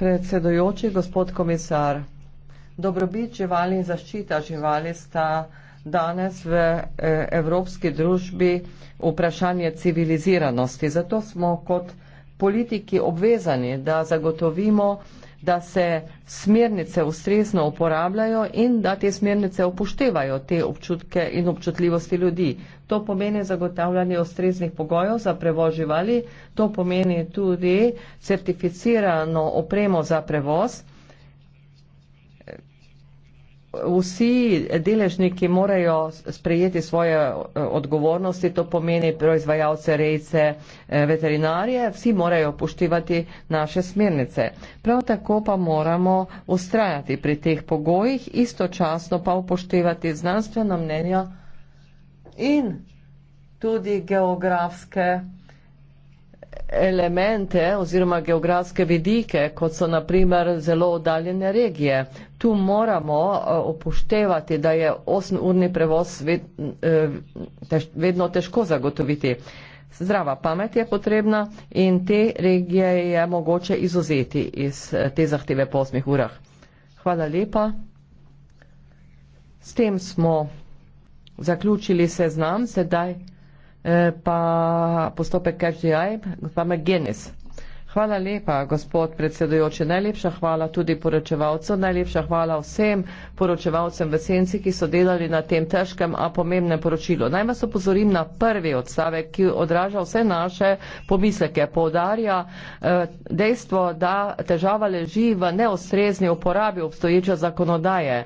Predsedujoči gospod komisar, dobrobit živali in zaščita živali sta danes v eh, evropski družbi vprašanje civiliziranosti. Zato smo kot politiki obvezani, da zagotovimo da se smernice ustrezno uporabljajo in da te smernice upoštevajo te občutke in občutljivosti ljudi. To pomeni zagotavljanje ustreznih pogojev za prevoz živali, to pomeni tudi certificirano opremo za prevoz, Vsi deležniki morajo sprejeti svoje eh, odgovornosti, to pomeni proizvajalce, rejce, eh, veterinarje, vsi morajo poštivati naše smernice. Prav tako pa moramo ustrajati pri teh pogojih, istočasno pa upoštevati znanstveno mnenja in tudi geografske eh, elemente oziroma geografske vidike, kot so naprimer zelo oddaljene regije tu moramo eh, upoštevati, da je 8-urni prevoz eh, vedno težko zagotoviti. Zdrava pamet je potrebna in te regije je mogoče izuzeti iz eh, te zahteve po 8 urah. Hvala lepa. S tem smo zaključili seznam, sedaj pa postopek KGI, gospa McGuinness. Hvala lepa, gospod predsedujoči. Najlepša hvala tudi poročevalcu. Najlepša hvala vsem poročevalcem v senci, ki so delali na tem težkem, a pomembnem poročilu. Naj vas opozorim na prvi odstavek, ki odraža vse naše pomisleke. Povdarja eh, dejstvo, da težava leži v neostrezni uporabi obstoječe zakonodaje.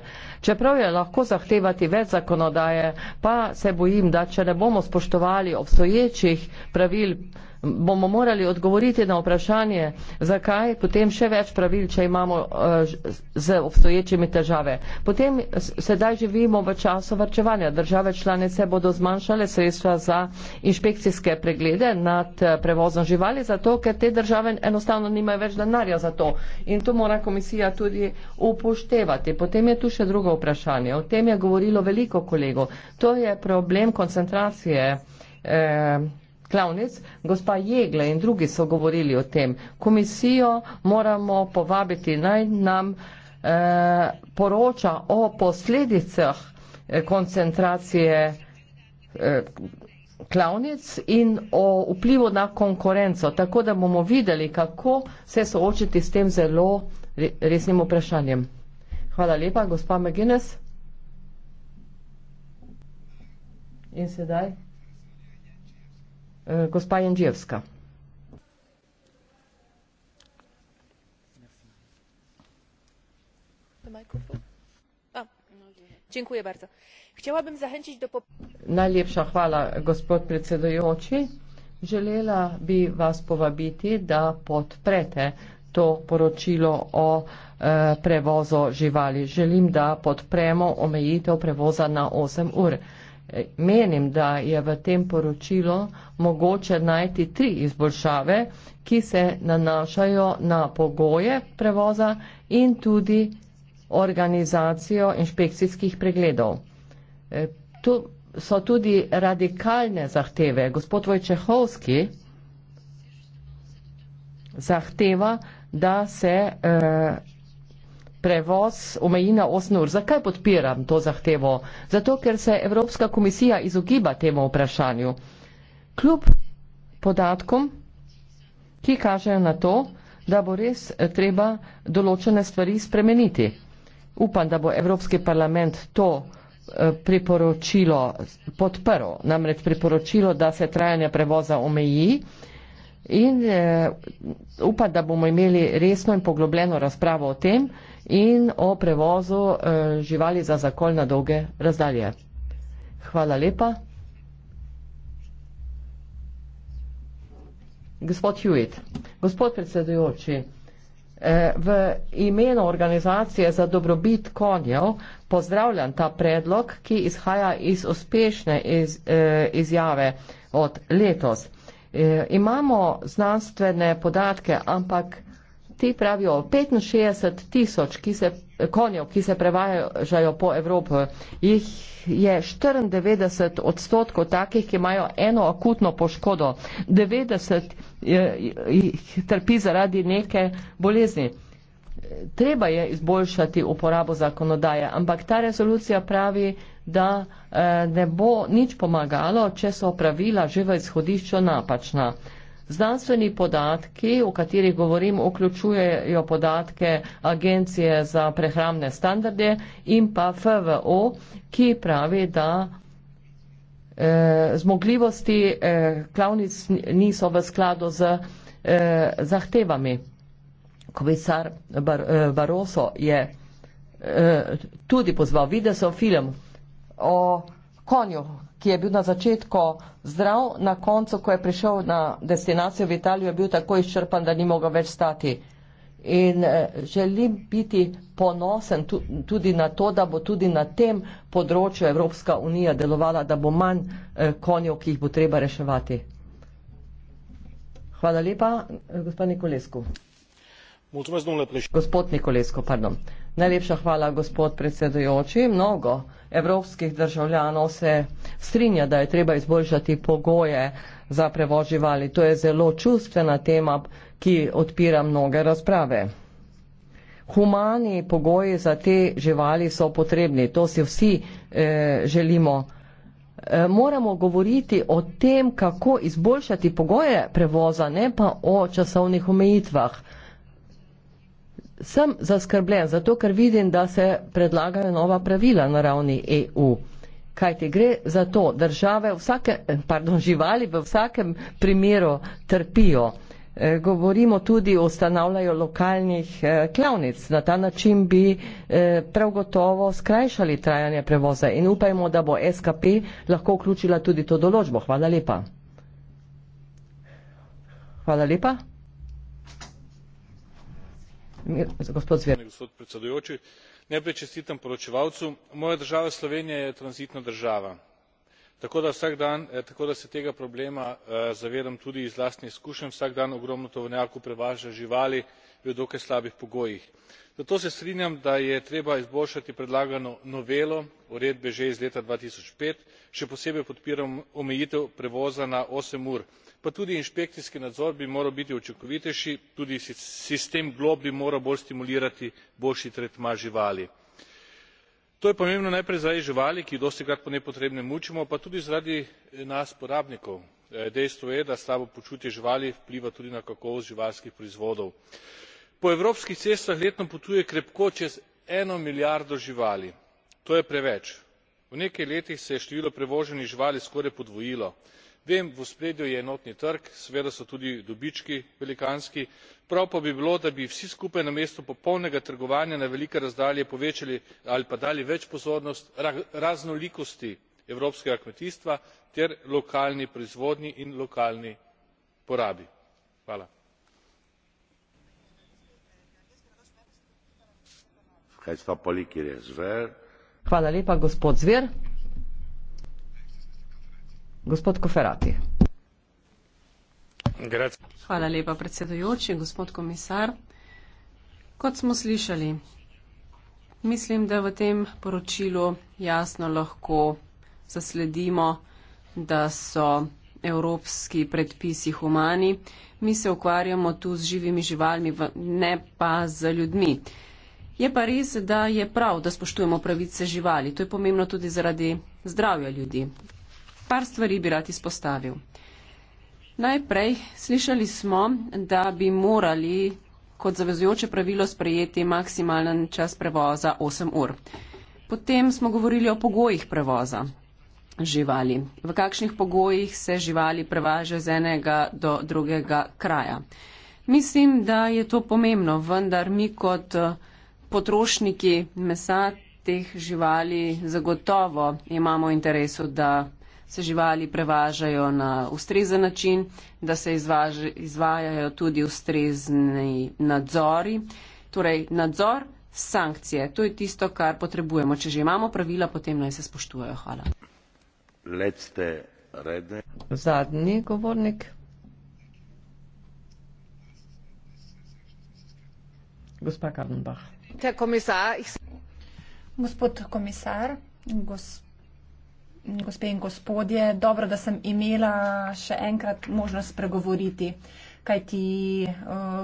Čeprav je lahko zahtevati več zakonodaje, pa se bojim, da če ne bomo spoštovali obstoječih pravil, bomo morali odgovoriti na vprašanje, zakaj potem še več pravil, če imamo eh, z obstoječimi težave. Potem sedaj živimo v času vrčevanja. Države članice bodo zmanjšale sredstva za inšpekcijske preglede nad eh, prevozom živali, zato ker te države enostavno nimajo več denarja za to. In to mora komisija tudi upoštevati. Potem je tu še drugo vprašanje. O tem je govorilo veliko kolegov. To je problem koncentracije. Eh, Klavnec, gospa Jegla in drugi so govorili o tem. Komisijo moramo povabiti naj nam eh, poroča o posledicah eh, koncentracije eh, klavnic in o vplivu na konkurenco, tako da bomo videli, kako se soočiti s tem zelo resnim vprašanjem. Hvala lepa, gospa McGuinness. In sedaj? Eh, gospa Jendžijevska. Najlepša hvala, gospod predsedojoči. Želela bi vas povabiti, da podprete to poročilo o eh, prevozu živali. Želim, da podpremo omejitev prevoza na 8 ur menim, da je v tem poročilu mogoče najti tri izboljšave, ki se nanašajo na pogoje prevoza in tudi organizacijo inšpekcijskih pregledov. E, tu so tudi radikalne zahteve. Gospod Vojčehovski zahteva, da se. Eh, prevoz omeji na 8 ur. Zakaj podpiram to zahtevo? Zato, ker se Evropska komisija izogiba temu vprašanju. Kljub podatkom, ki kažejo na to, da bo res treba določene stvari spremeniti. Upam, da bo Evropski parlament to eh, priporočilo podprl, namreč priporočilo, da se trajanje prevoza omeji in eh, upam, da bomo imeli resno in poglobljeno razpravo o tem in o prevozu eh, živali za zakol na dolge razdalje. Hvala lepa. Gospod Hewitt, gospod predsedujoči, eh, v imenu organizacije za dobrobit konjev pozdravljam ta predlog, ki izhaja iz uspešne iz, eh, izjave od letos. Eh, imamo znanstvene podatke, ampak ti pravijo 65 tisoč konjev, ki se prevažajo po Evropi, jih je 94 odstotkov takih, ki imajo eno akutno poškodo, 90 eh, jih trpi zaradi neke bolezni treba je izboljšati uporabo zakonodaje, ampak ta rezolucija pravi, da eh, ne bo nič pomagalo, če so pravila že v izhodišču napačna. Znanstveni podatki, o katerih govorim, vključujejo podatke Agencije za prehramne standarde in pa FVO, ki pravi, da eh, zmogljivosti eh, klavnic niso v skladu z eh, zahtevami komisar Bar, eh, Barroso je eh, tudi pozval videsov film o konju, ki je bil na začetku zdrav, na koncu, ko je prišel na destinacijo v Italijo, je bil tako izčrpan, da ni mogel več stati. In eh, želim biti ponosen tu, tudi na to, da bo tudi na tem področju Evropska unija delovala, da bo manj eh, konjev, ki jih bo treba reševati. Hvala lepa, eh, gospod Nikolesku. Gospod Nikolesko, pardon. Najlepša hvala, gospod predsedujoči. Mnogo evropskih državljanov se strinja, da je treba izboljšati pogoje za prevoz živali. To je zelo čustvena tema, ki odpira mnoge razprave. Humani pogoji za te živali so potrebni, to si vsi e, želimo. E, moramo govoriti o tem, kako izboljšati pogoje prevoza, ne pa o časovnih omejitvah sem zaskrbljen, zato ker vidim, da se predlagajo nova pravila na ravni EU. Kaj ti gre za to? Države, vsake, pardon, živali v vsakem primeru trpijo. E, govorimo tudi o ustanavljanju lokalnih e, klavnic. Na ta način bi e, prav gotovo skrajšali trajanje prevoza in upajmo, da bo SKP lahko vključila tudi to določbo. Hvala lepa. Hvala lepa najprej čestitam poročevalcu. moja država slovenija je tranzitna država tako da vsak dan eh, tako da se tega problema eh, zavedam tudi iz lastnih izkušenj vsak dan ogromno tovornjakov prevaža živali v dokaj slabih pogojih. zato se strinjam da je treba izboljšati predlagano novelo uredbe že iz leta dva tisoč pet še posebej podpiram omejitev prevoza na osem ur pa tudi inšpekcijski nadzor bi moral biti učinkovitejši tudi sistem glob bi moral bolj stimulirati boljši tretma živali. to je pomembno najprej zaradi živali ki jih dostikrat po nepotrebnem mučimo pa tudi zaradi eh, nas porabnikov. Eh, dejstvo je da slabo počutje živali vpliva tudi na kakovost živalskih proizvodov. po evropskih cestah letno potuje krepko čez eno milijardo živali. to je preveč. v nekaj letih se je število prevoženih živali skoraj podvojilo vem v ospredju je enotni trg seveda so tudi dobički velikanski prav pa bi bilo da bi vsi skupaj namesto popolnega trgovanja na velike razdalje povečali ali pa dali več pozornosti raznolikosti evropskega kmetijstva ter lokalni proizvodnji in lokalni porabi gospod Koferati. Hvala lepa, predsedujoči, gospod komisar. Kot smo slišali, mislim, da v tem poročilu jasno lahko zasledimo, da so evropski predpisi humani. Mi se ukvarjamo tu z živimi živalmi, ne pa z ljudmi. Je pa res, da je prav, da spoštujemo pravice živali. To je pomembno tudi zaradi zdravja ljudi. Par stvari bi rad izpostavil. Najprej slišali smo, da bi morali kot zavezujoče pravilo sprejeti maksimalen čas prevoza 8 ur. Potem smo govorili o pogojih prevoza živali, v kakšnih pogojih se živali prevaža z enega do drugega kraja. Mislim, da je to pomembno, vendar mi kot eh, potrošniki mesa teh živali zagotovo imamo interesu, da se živali prevažajo na ustrezen način, da se izvaži, izvajajo tudi ustrezni nadzori. Torej, nadzor, sankcije, to je tisto, kar potrebujemo. Če že imamo pravila, potem naj se spoštujejo. Hvala. Zadnji govornik. Gospa Karnbach. Gospod komisar, gospod gospe in gospodje, dobro, da sem imela še enkrat možnost spregovoriti kajti eh,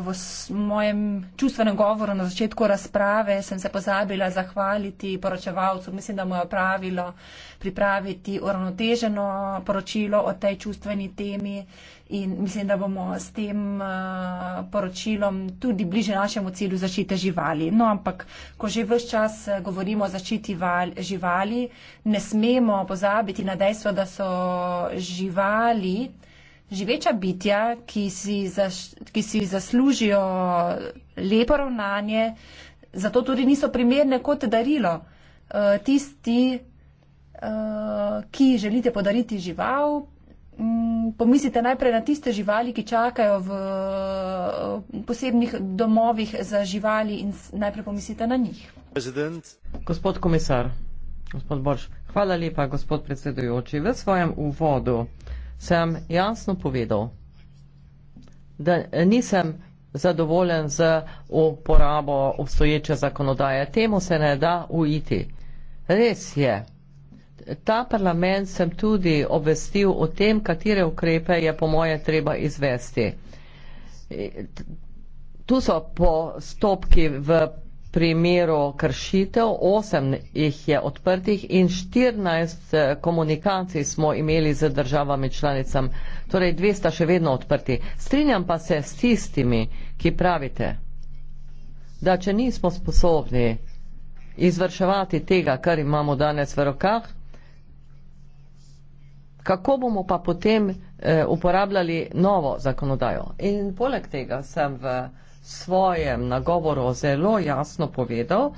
v mojem čustvenem govoru na začetku razprave sem se pozabila zahvaliti poročevalcu. Mislim, da mu je pravilo pripraviti uravnoteženo poročilo o tej čustveni temi in mislim, da bomo s tem eh, poročilom tudi bliže našemu cilju zaščite živali. No, ampak ko že vse čas eh, govorimo o zaščiti živali, ne smemo pozabiti na dejstvo, da so živali živeča bitja, ki si, zaš, ki si zaslužijo lepo ravnanje, zato tudi niso primerne kot darilo. Eh, tisti, eh, ki želite podariti žival, mm, pomislite najprej na tiste živali, ki čakajo v eh, posebnih domovih za živali in najprej pomislite na njih. President. Gospod komisar, gospod Borš, hvala lepa, gospod predsedujoči. V svojem uvodu sem jasno povedal, da nisem zadovoljen z uporabo obstoječe zakonodaje. Temu se ne da uiti. Res je. Ta parlament sem tudi obvestil o tem, katere ukrepe je po moje treba izvesti. Tu so postopki v primeru kršitev, 8 jih je odprtih in 14 eh, komunikacij smo imeli z državami članicam, torej 200 še vedno odprti. Strinjam pa se s tistimi, ki pravite, da če nismo sposobni izvrševati tega, kar imamo danes v rokah, kako bomo pa potem eh, uporabljali novo zakonodajo. In poleg tega sem v svojem nagovoru zelo jasno povedal,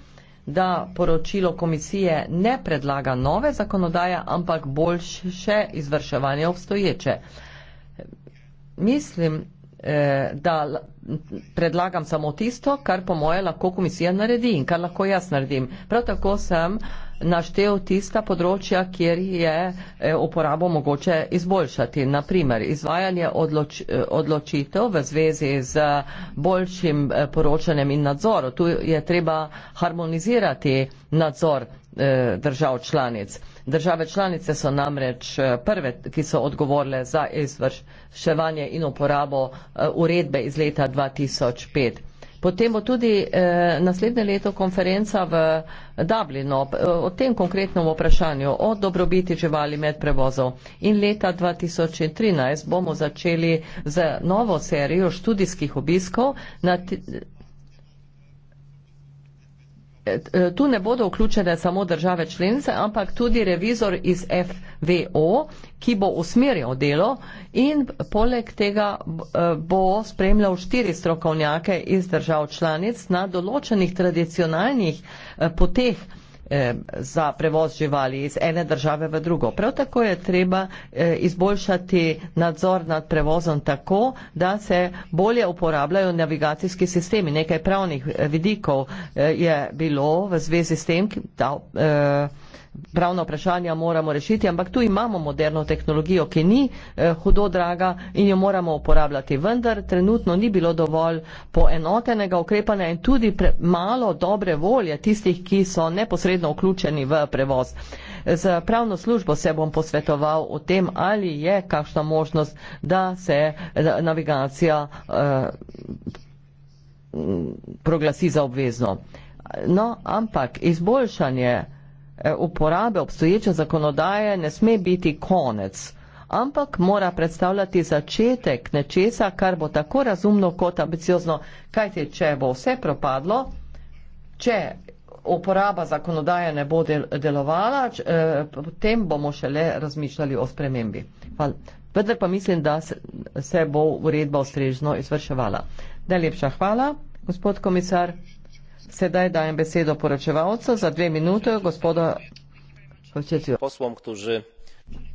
da poročilo komisije ne predlaga nove zakonodaje, ampak boljše izvrševanje obstoječe. Mislim, eh, da predlagam samo tisto, kar po moje lahko komisija naredi in kar lahko jaz naredim. Prav tako sem naštel tista področja, kjer je eh, uporabo mogoče izboljšati. Naprimer, izvajanje odloč, odločitev v zvezi z boljšim eh, poročanjem in nadzorom. Tu je treba harmonizirati nadzor eh, držav članic. Države članice so namreč eh, prve, ki so odgovorile za izvrševanje in uporabo eh, uredbe iz leta 2005. Potem bo tudi eh, naslednje leto konferenca v Dublinu o tem konkretnem vprašanju o dobrobiti živali med prevozov. In leta 2013 bomo začeli z novo serijo študijskih obiskov na E, tu ne bodo vključene samo države članice, ampak tudi revizor iz FVO, ki bo usmerjal delo in poleg tega e, bo spremljal štiri strokovnjake iz držav članic na določenih tradicionalnih e, poteh Eh, za prevoz živali iz ene države v drugo. Prav tako je treba eh, izboljšati nadzor nad prevozom tako, da se bolje uporabljajo navigacijski sistemi. Nekaj pravnih eh, vidikov je bilo v zvezi s tem, da pravna vprašanja moramo rešiti, ampak tu imamo moderno tehnologijo, ki ni eh, hudo draga in jo moramo uporabljati. Vendar trenutno ni bilo dovolj poenotenega ukrepanja in tudi pre, malo dobre volje tistih, ki so neposredno vključeni v prevoz. Z pravno službo se bom posvetoval o tem, ali je kakšna možnost, da se navigacija eh, proglasi za obvezno. No, ampak izboljšanje E, uporabe obstoječe zakonodaje ne sme biti konec, ampak mora predstavljati začetek nečesa, kar bo tako razumno kot ambiciozno, kajti če bo vse propadlo, če uporaba zakonodaje ne bo del delovala, če, eh, potem bomo šele razmišljali o spremembi. Hvala. Vendar pa mislim, da se, se bo uredba ustrežno izvrševala. Najlepša hvala, gospod komisar. Sedaj dajem besedo poročevalcu za dve minute, gospoda Kočeci.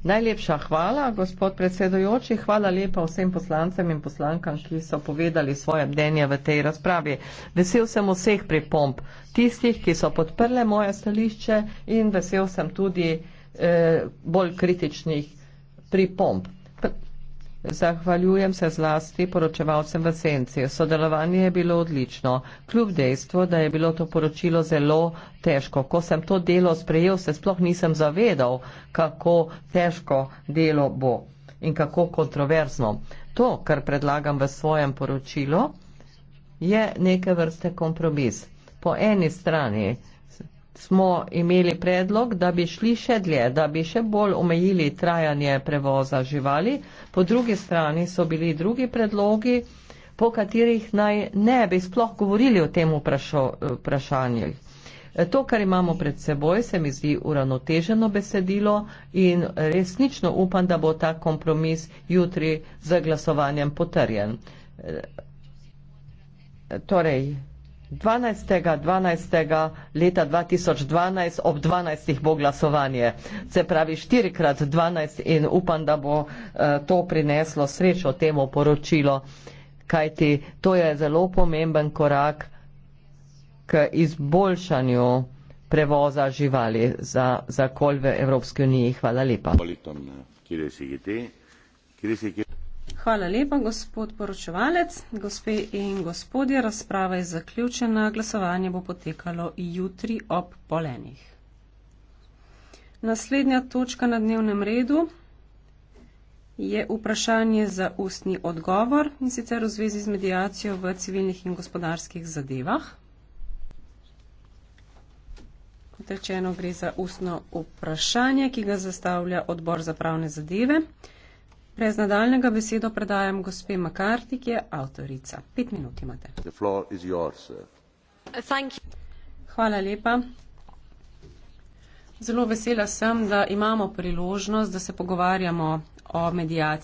Najlepša hvala, gospod predsedujoči, hvala lepa vsem poslancem in poslankam, ki so povedali svoje mnenje v tej razpravi. Vesel sem vseh pripomp, tistih, ki so podprle moje stališče in vesel sem tudi eh, bolj kritičnih pripomp. Zahvaljujem se zlasti poročevalcem v senci. Sodelovanje je bilo odlično. Kljub dejstvu, da je bilo to poročilo zelo težko. Ko sem to delo sprejel, se sploh nisem zavedal, kako težko delo bo in kako kontroverzno. To, kar predlagam v svojem poročilu, je neke vrste kompromis. Po eni strani smo imeli predlog, da bi šli še dlje, da bi še bolj omejili trajanje prevoza živali. Po drugi strani so bili drugi predlogi, po katerih naj ne bi sploh govorili o tem vprašanju. To, kar imamo pred seboj, se mi zdi uravnoteženo besedilo in resnično upam, da bo ta kompromis jutri z glasovanjem potrjen. Torej, 12. 12. leta 2012 ob 12. bo glasovanje. Se pravi 4 krat 12 in upam, da bo eh, to prineslo srečo temu poročilo, kajti to je zelo pomemben korak k izboljšanju prevoza živali za, za kolve Evropske unije. Hvala lepa. Hvala lepa, gospod poročevalec. Gospe in gospodje, razprava je zaključena. Glasovanje bo potekalo jutri ob polenih. Naslednja točka na dnevnem redu je vprašanje za ustni odgovor in sicer v zvezi z medijacijo v civilnih in gospodarskih zadevah. Kot rečeno, gre za ustno vprašanje, ki ga zastavlja odbor za pravne zadeve. Brez nadaljnega besedo predajam gospe Makarti, ki je avtorica. Pet minut imate. Yours, Hvala lepa. Zelo vesela sem, da imamo priložnost, da se pogovarjamo o medijaciji.